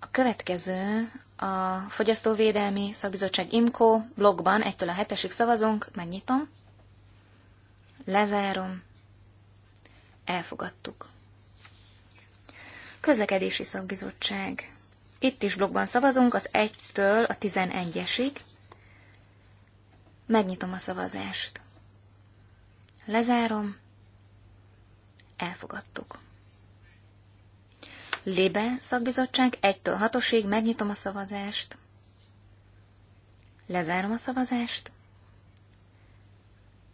A következő a Fogyasztóvédelmi Szabizottság IMCO blogban egytől a hetesig szavazunk, megnyitom, lezárom, elfogadtuk. Közlekedési Szakbizottság. Itt is blogban szavazunk az 1-től a 11-esig. Megnyitom a szavazást. Lezárom. Elfogadtuk. Libe szakbizottság 1-től 6 megnyitom a szavazást. Lezárom a szavazást.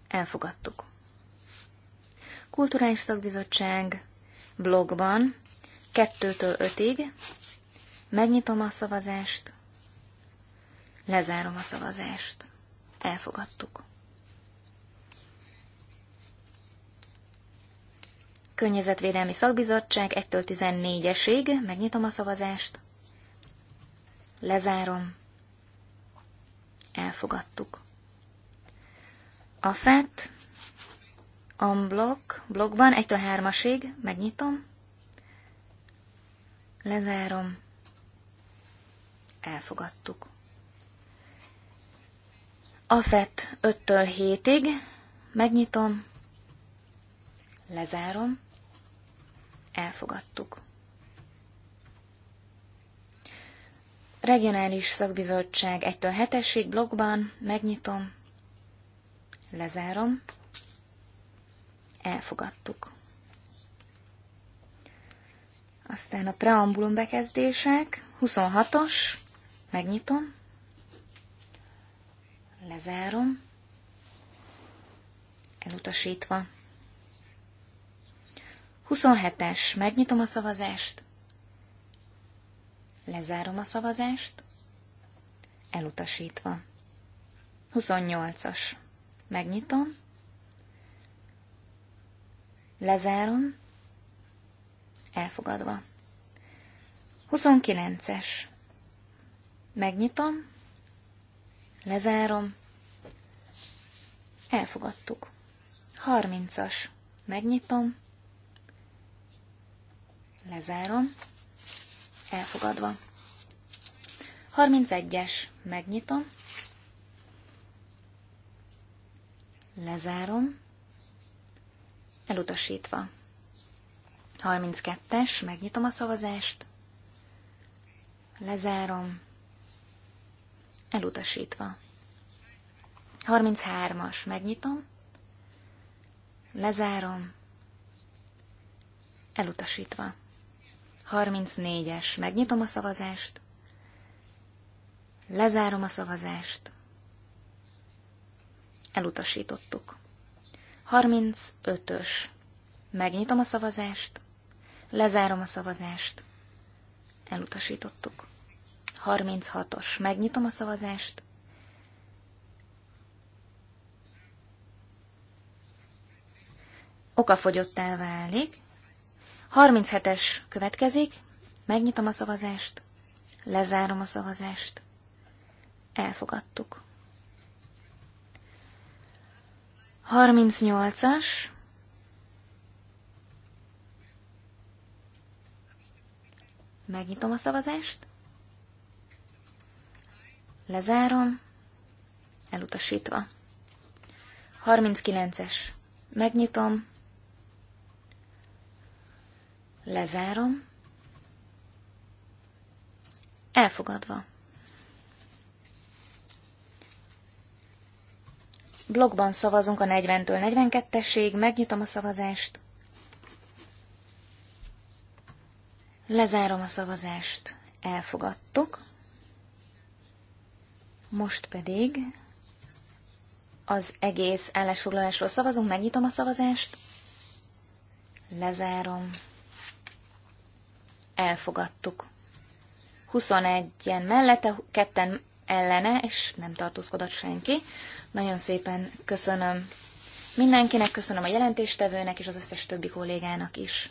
Elfogadtuk. Kulturális szakbizottság blogban 2-től 5-ig megnyitom a szavazást. Lezárom a szavazást. Elfogadtuk. Környezetvédelmi Szakbizottság 1-től 14-esig. Megnyitom a szavazást. Lezárom. Elfogadtuk. A FET Amblok blogban 1-től 3-asig. Megnyitom. Lezárom. Elfogadtuk. A FET 5-től 7-ig. Megnyitom. Lezárom elfogadtuk. Regionális szakbizottság 1-től 7 blogban megnyitom, lezárom, elfogadtuk. Aztán a preambulum bekezdések, 26-os, megnyitom, lezárom, elutasítva. 27-es. Megnyitom a szavazást. Lezárom a szavazást. Elutasítva. 28-as. Megnyitom. Lezárom. Elfogadva. 29-es. Megnyitom. Lezárom. Elfogadtuk. 30-as. Megnyitom. Lezárom. Elfogadva. 31-es. Megnyitom. Lezárom. Elutasítva. 32-es. Megnyitom a szavazást. Lezárom. Elutasítva. 33-as. Megnyitom. Lezárom. Elutasítva. 34-es. Megnyitom a szavazást. Lezárom a szavazást. Elutasítottuk. 35-ös. Megnyitom a szavazást. Lezárom a szavazást. Elutasítottuk. 36-os. Megnyitom a szavazást. Okafogyottá válik. 37-es következik, megnyitom a szavazást, lezárom a szavazást. Elfogadtuk. 38-as. Megnyitom a szavazást. Lezárom. Elutasítva. 39-es. Megnyitom. Lezárom. Elfogadva. Blogban szavazunk a 40-től 42 esség megnyitom a szavazást. Lezárom a szavazást. Elfogadtuk. Most pedig az egész állásfoglalásról szavazunk, megnyitom a szavazást. Lezárom elfogadtuk. 21-en mellette, ketten ellene, és nem tartózkodott senki. Nagyon szépen köszönöm mindenkinek, köszönöm a jelentéstevőnek és az összes többi kollégának is.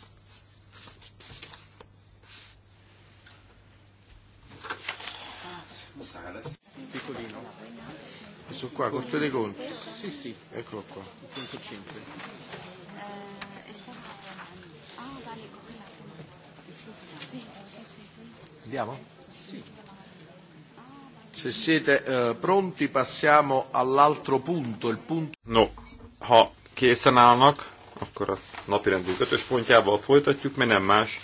Questo qua, Corte dei Conti? Sì, sì. Eccolo qua. 85. Andiamo? Se siete eh, pronti passiamo all'altro punto, il punto... No, ha készen állnak, akkor a napi rendünk ötös pontjával folytatjuk, mert nem más,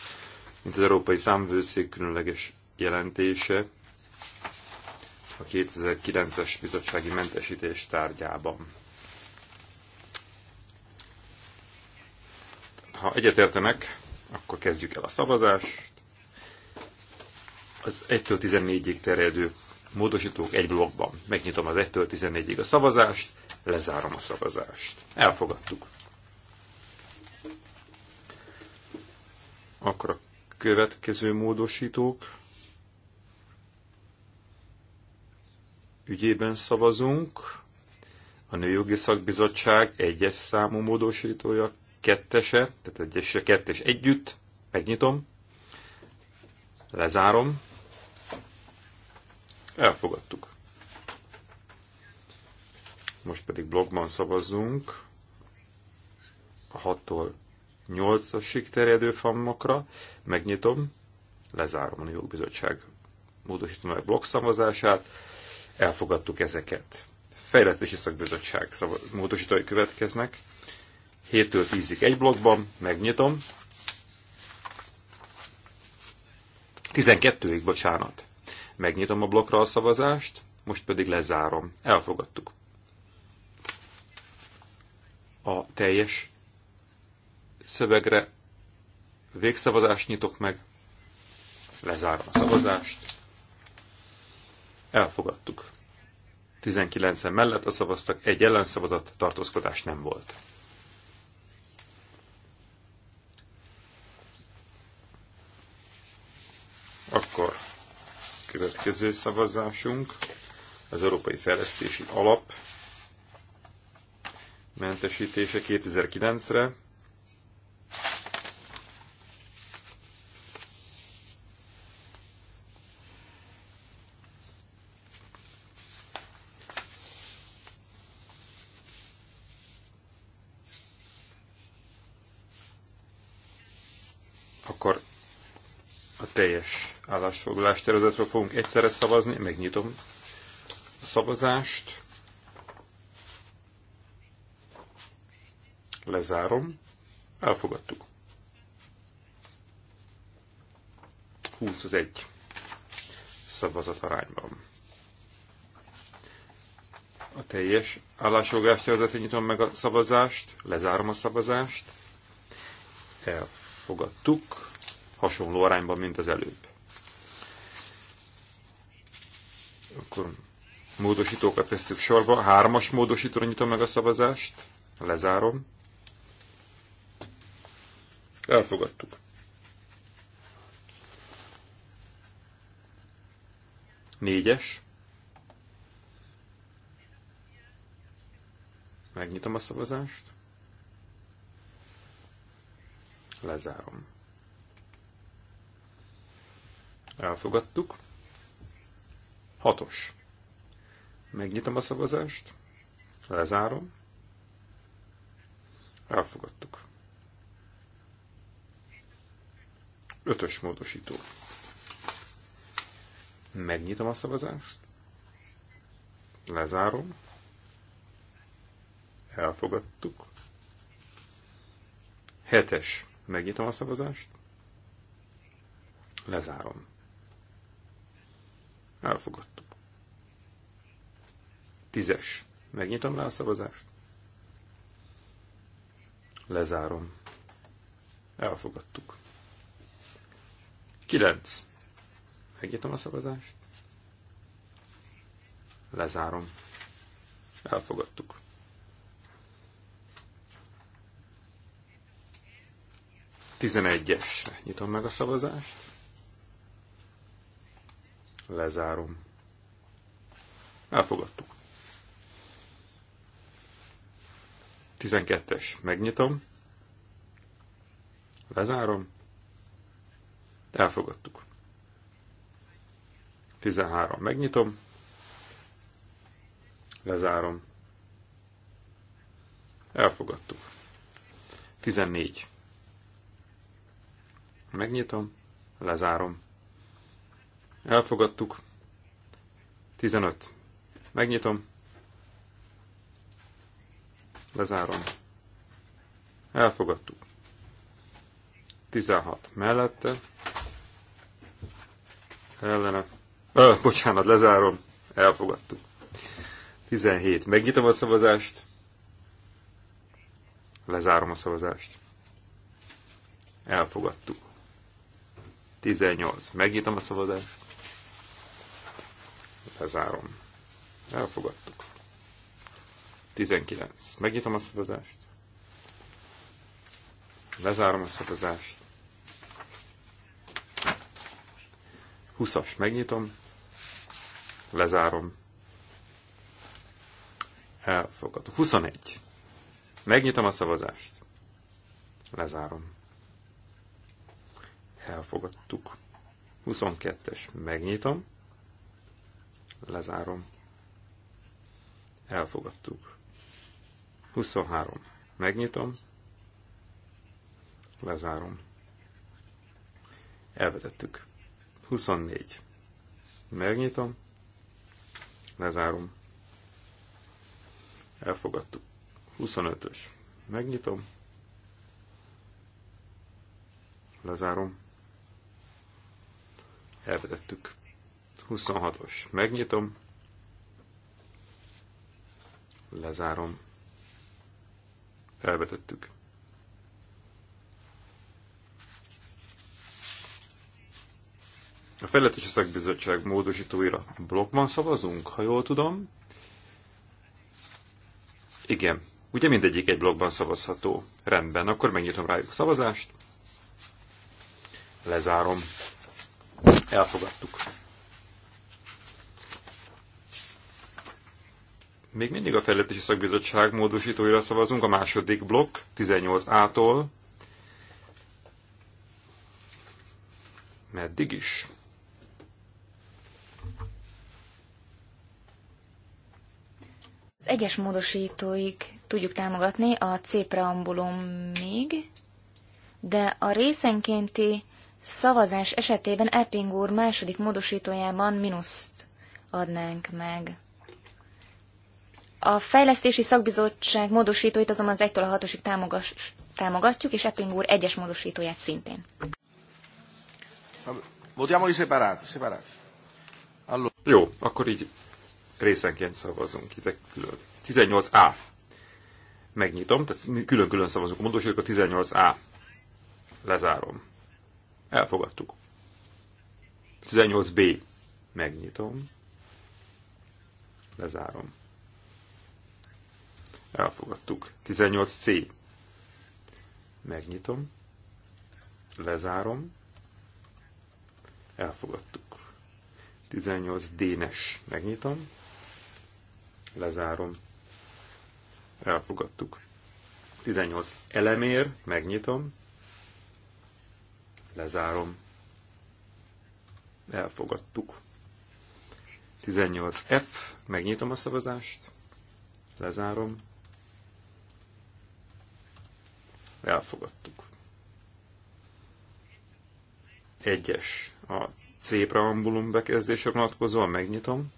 mint az Európai Számvőszék különleges jelentése a 2009-es bizottsági mentesítés tárgyában. Ha egyetértenek, akkor kezdjük el a szavazást az 1-től 14-ig terjedő módosítók egy blogban. Megnyitom az 1-től 14-ig a szavazást, lezárom a szavazást. Elfogadtuk. Akkor a következő módosítók ügyében szavazunk. A Nőjogi Szakbizottság egyes számú módosítója, kettese, tehát egyes kettes együtt, megnyitom, lezárom, Elfogadtuk. Most pedig blogban szavazzunk a 6-tól 8-asig terjedő fammokra. Megnyitom, lezárom a jogbizottság blog szavazását Elfogadtuk ezeket. Fejlesztési szakbizottság módosítói következnek. 7-től 10-ig egy blogban. megnyitom. 12-ig, bocsánat. Megnyitom a blokkra a szavazást, most pedig lezárom. Elfogadtuk. A teljes szövegre végszavazást nyitok meg, lezárom a szavazást. Elfogadtuk. 19-en mellett a szavaztak, egy ellenszavazat, tartózkodás nem volt. Akkor Következő szavazásunk az Európai Fejlesztési Alap mentesítése 2009-re. állásfoglalás tervezetről fogunk egyszerre szavazni. Megnyitom a szavazást. Lezárom. Elfogadtuk. 20 az egy szavazat arányban. A teljes állásfoglalás tervezetről nyitom meg a szavazást, lezárom a szavazást. Elfogadtuk hasonló arányban, mint az előbb. akkor módosítókat tesszük sorba. Hármas módosítóra nyitom meg a szavazást. Lezárom. Elfogadtuk. Négyes. Megnyitom a szavazást. Lezárom. Elfogadtuk. Hatos. Megnyitom a szavazást, lezárom, elfogadtuk. Ötös módosító. Megnyitom a szavazást, lezárom, elfogadtuk. Hetes. Megnyitom a szavazást, lezárom. Elfogadtuk. Tízes. Megnyitom rá a szavazást. Lezárom. Elfogadtuk. Kilenc. Megnyitom a szavazást. Lezárom. Elfogadtuk. Tizenegyes. Nyitom meg a szavazást. Lezárom. Elfogadtuk. 12-es. Megnyitom. Lezárom. Elfogadtuk. 13. Megnyitom. Lezárom. Elfogadtuk. 14. Megnyitom. Lezárom. Elfogadtuk. 15. Megnyitom. Lezárom. Elfogadtuk. 16. Mellette. Ellene. Ö, bocsánat, lezárom. Elfogadtuk. 17. Megnyitom a szavazást. Lezárom a szavazást. Elfogadtuk. 18. Megnyitom a szavazást. Lezárom. Elfogadtuk. 19. Megnyitom a szavazást. Lezárom a szavazást. 20-as megnyitom. Lezárom. Elfogadtuk. 21. Megnyitom a szavazást. Lezárom. Elfogadtuk. 22-es megnyitom. Lezárom. Elfogadtuk. 23. Megnyitom. Lezárom. Elvetettük. 24. Megnyitom. Lezárom. Elfogadtuk. 25-ös. Megnyitom. Lezárom. Elvetettük. 26-os. Megnyitom. Lezárom. Elvetettük. A Fejletési Szakbizottság módosítóira blokkban szavazunk, ha jól tudom. Igen. Ugye mindegyik egy blokkban szavazható. Rendben, akkor megnyitom rájuk a szavazást. Lezárom. Elfogadtuk. Még mindig a Fejlesztési Szakbizottság módosítóira szavazunk a második blokk 18A-tól. Meddig is? Az egyes módosítóig tudjuk támogatni a C még, de a részenkénti szavazás esetében Epping úr második módosítójában minuszt adnánk meg. A fejlesztési szakbizottság módosítóit azonban az 1-től a 6-osig támogatjuk, és Epping úr egyes módosítóját szintén. Votiamoli separati, separati. Jó, akkor így részenként szavazunk. Itt külön. 18A. Megnyitom, tehát külön-külön szavazunk. a a 18A. Lezárom. Elfogadtuk. 18B. Megnyitom. Lezárom. Elfogadtuk. 18C. Megnyitom. Lezárom. Elfogadtuk. 18D-nes. Megnyitom. Lezárom. Elfogadtuk. 18 elemér. Megnyitom. Lezárom. Elfogadtuk. 18F. Megnyitom a szavazást. Lezárom elfogadtuk. Egyes. A C preambulum bekezdésre vonatkozóan megnyitom,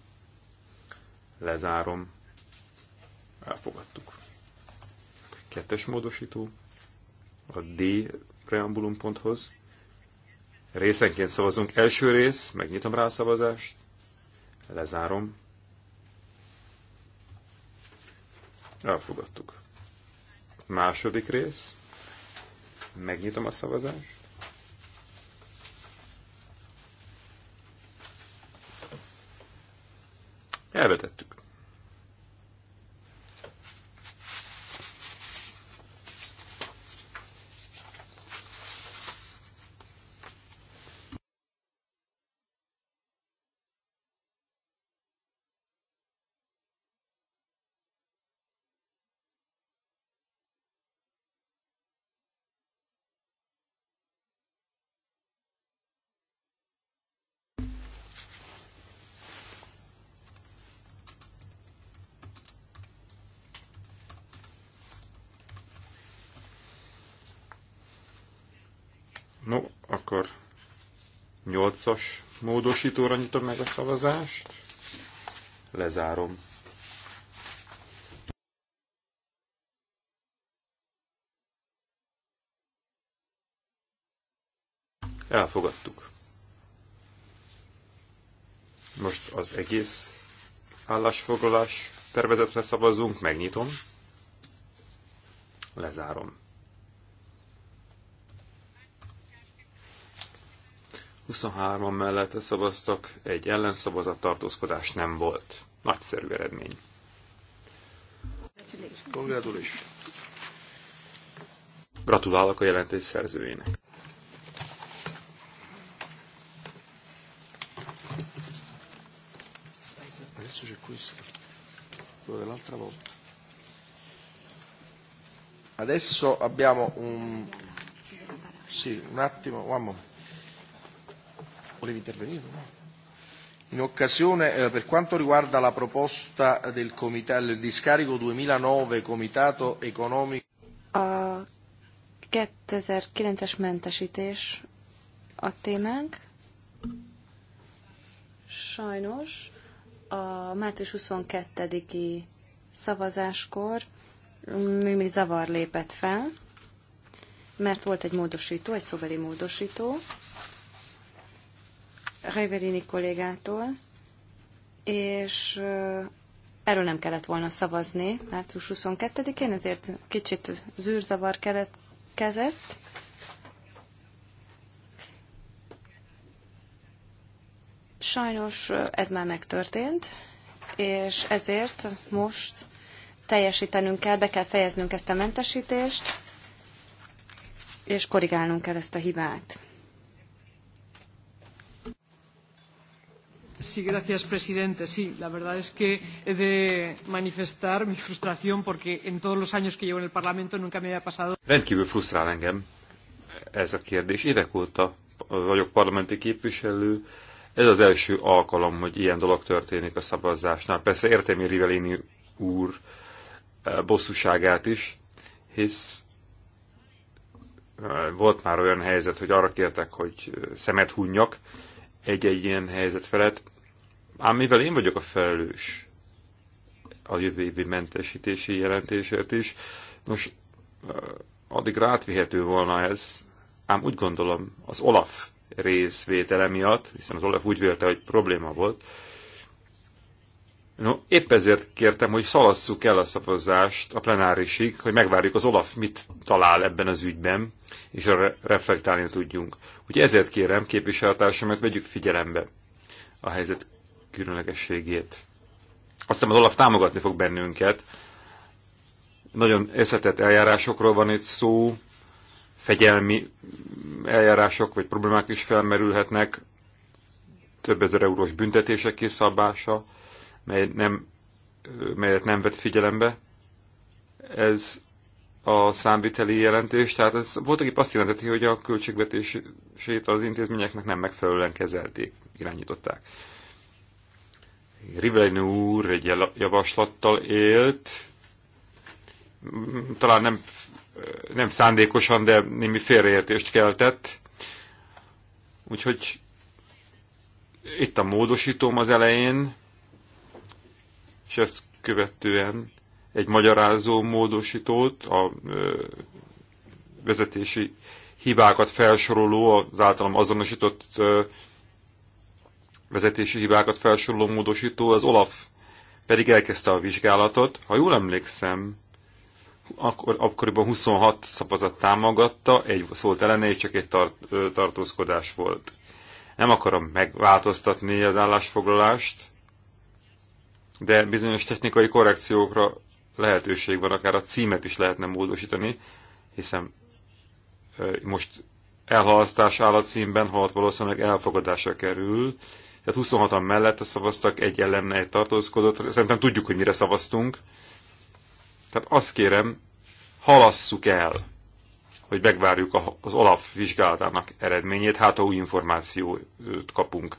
lezárom, elfogadtuk. Kettes módosító, a D preambulum ponthoz. Részenként szavazunk. Első rész, megnyitom rá a szavazást, lezárom, elfogadtuk. Második rész, Megnyitom a szavazást. Elvetettük. No, akkor 8-as módosítóra nyitom meg a szavazást. Lezárom. Elfogadtuk. Most az egész állásfoglalás tervezetre szavazunk, megnyitom, lezárom. 23 mellette szavaztak, egy ellenszavazat tartózkodás nem volt. Nagyszerű eredmény. Congratulations. Gratulálok a jelentés szerzőjének. Adesso c'è questo, quello dell'altra volta. Adesso abbiamo un... Sì, un attimo, one moment. Volevi intervenire? No? In occasione, eh, per quanto riguarda la proposta del, comitato, il discarico 2009 Comitato Economico... A 2009-es mentesítés a témánk. Sajnos a március 22-i szavazáskor némi zavar lépett fel, mert volt egy módosító, egy szobeli módosító, Reverini kollégától, és erről nem kellett volna szavazni március 22-én, ezért kicsit zűrzavar keletkezett. Sajnos ez már megtörtént, és ezért most teljesítenünk kell, be kell fejeznünk ezt a mentesítést, és korrigálnunk kell ezt a hibát. Sí, gracias, presidente. Sí, la verdad es que he de manifestar mi frustración porque en todos los años que llevo en el Parlamento nunca me había pasado. Rendkívül frusztrál engem ez a kérdés. Évek óta vagyok parlamenti képviselő. Ez az első alkalom, hogy ilyen dolog történik a szavazásnál. Persze értem Rivelini úr eh, bosszúságát is, hisz eh, volt már olyan helyzet, hogy arra kértek, hogy eh, szemet hunjak, egy-egy ilyen helyzet felett. Ám mivel én vagyok a felelős a jövő évi mentesítési jelentésért is, nos, eh, addig rátvihető volna ez, ám úgy gondolom az Olaf részvétele miatt, hiszen az Olaf úgy vélte, hogy probléma volt, No, épp ezért kértem, hogy szalasszuk el a szavazást a plenárisig, hogy megvárjuk az Olaf mit talál ebben az ügyben, és arra reflektálni tudjunk. Úgyhogy ezért kérem képviselőtársamat, vegyük figyelembe a helyzet különlegességét. Azt hiszem, az Olaf támogatni fog bennünket. Nagyon összetett eljárásokról van itt szó, fegyelmi eljárások vagy problémák is felmerülhetnek, több ezer eurós büntetések kiszabása, mely nem, melyet nem vett figyelembe ez a számviteli jelentés. Tehát ez voltak épp azt jelenteti, hogy a költségvetését az intézményeknek nem megfelelően kezelték, irányították. Rivelin úr egy javaslattal élt, talán nem, nem szándékosan, de némi félreértést keltett. Úgyhogy itt a módosítóm az elején, és ezt követően egy magyarázó módosítót, a vezetési hibákat felsoroló, az általam azonosított vezetési hibákat felsoroló módosító, az Olaf pedig elkezdte a vizsgálatot. Ha jól emlékszem, akkor, akkoriban 26 szavazat támogatta, egy szólt ellene, és csak egy tart, tartózkodás volt. Nem akarom megváltoztatni az állásfoglalást, de bizonyos technikai korrekciókra lehetőség van, akár a címet is lehetne módosítani, hiszen most elhalasztás áll a címben, holott valószínűleg elfogadásra kerül. Tehát 26-an mellette szavaztak, egy ellenne, egy tartózkodott. Szerintem tudjuk, hogy mire szavaztunk. Tehát azt kérem, halasszuk el, hogy megvárjuk az Olaf vizsgálatának eredményét, hát ha új információt kapunk,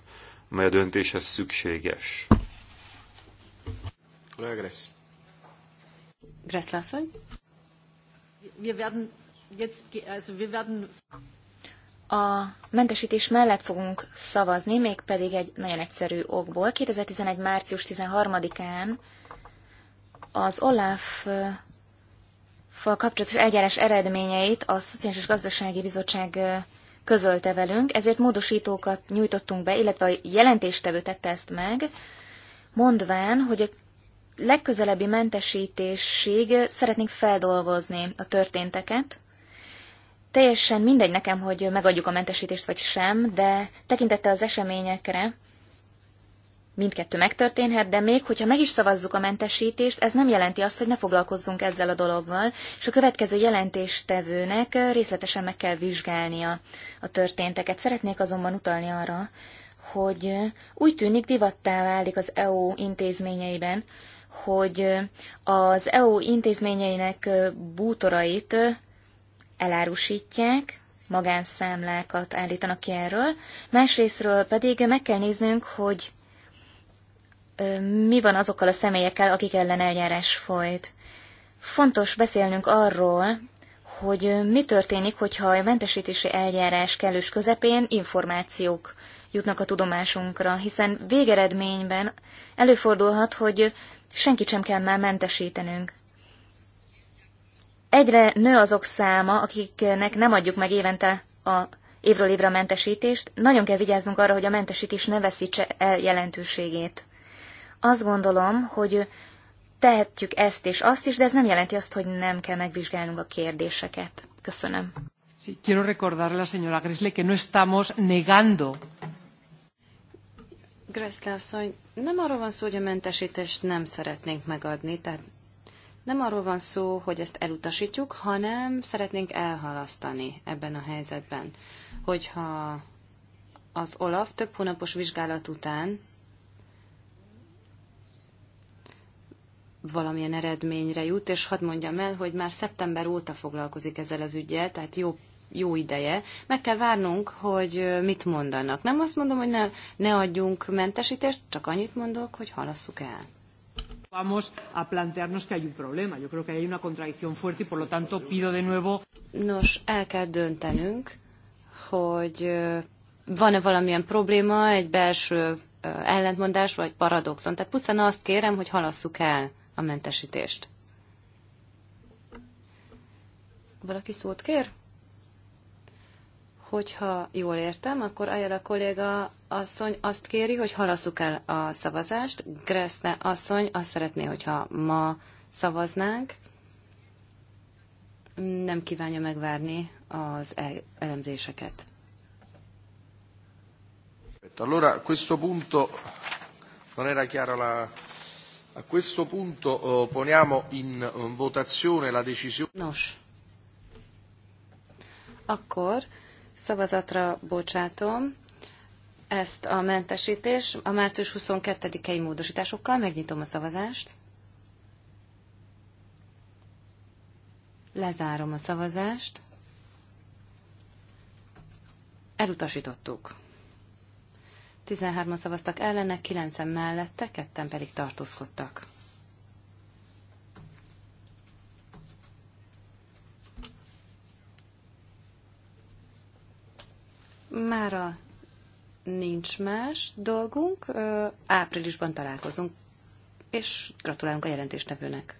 amely a döntéshez szükséges. Kollega asszony. Wir werden jetzt, also wir werden... A mentesítés mellett fogunk szavazni, mégpedig egy nagyon egyszerű okból. 2011. március 13-án az Olaf kapcsolatos eljárás eredményeit a Szociális és Gazdasági Bizottság közölte velünk, ezért módosítókat nyújtottunk be, illetve a jelentéstevő tette ezt meg, mondván, hogy a legközelebbi mentesítésig szeretnénk feldolgozni a történteket. Teljesen mindegy nekem, hogy megadjuk a mentesítést vagy sem, de tekintette az eseményekre, mindkettő megtörténhet, de még hogyha meg is szavazzuk a mentesítést, ez nem jelenti azt, hogy ne foglalkozzunk ezzel a dologgal, és a következő jelentéstevőnek részletesen meg kell vizsgálnia a történteket. Szeretnék azonban utalni arra, hogy úgy tűnik divattá válik az EU intézményeiben, hogy az EU intézményeinek bútorait elárusítják, magánszámlákat állítanak ki erről, másrésztről pedig meg kell néznünk, hogy mi van azokkal a személyekkel, akik ellen eljárás folyt. Fontos beszélnünk arról, hogy mi történik, hogyha a mentesítési eljárás kellős közepén információk jutnak a tudomásunkra, hiszen végeredményben előfordulhat, hogy senkit sem kell már mentesítenünk. Egyre nő azok száma, akiknek nem adjuk meg évente a évről évre a mentesítést, nagyon kell vigyáznunk arra, hogy a mentesítés ne veszítse el jelentőségét. Azt gondolom, hogy tehetjük ezt és azt is, de ez nem jelenti azt, hogy nem kell megvizsgálnunk a kérdéseket. Köszönöm. Sí, quiero recordarle a señora Grisley que no estamos negando Greszle asszony, nem arról van szó, hogy a mentesítést nem szeretnénk megadni, tehát nem arról van szó, hogy ezt elutasítjuk, hanem szeretnénk elhalasztani ebben a helyzetben. Hogyha az OLAF több hónapos vizsgálat után valamilyen eredményre jut, és hadd mondjam el, hogy már szeptember óta foglalkozik ezzel az ügyel, tehát jó jó ideje. Meg kell várnunk, hogy mit mondanak. Nem azt mondom, hogy ne, ne adjunk mentesítést, csak annyit mondok, hogy halasszuk el. Vamos a plantearnos que hay un problema. Yo creo que hay una contradicción fuerte y por lo tanto pido de nuevo. Nos, el kell döntenünk, hogy van-e valamilyen probléma, egy belső ellentmondás vagy paradoxon. Tehát pusztán azt kérem, hogy halasszuk el a mentesítést. Valaki szót kér? Hogyha jól értem, akkor Ajala kolléga asszony azt kéri, hogy halasszuk el a szavazást. Greszne asszony azt szeretné, hogyha ma szavaznánk. Nem kívánja megvárni az elemzéseket. Allora, a questo punto non era chiara la... A questo punto eh, poniamo in eh, votazione la decisione... Nos. Akkor Szavazatra bocsátom ezt a mentesítés a március 22-i módosításokkal. Megnyitom a szavazást. Lezárom a szavazást. Elutasítottuk. 13-an szavaztak ellene, 9-en mellette, ketten pedig tartózkodtak. Mára nincs más dolgunk, áprilisban találkozunk, és gratulálunk a jelentéstevőnek.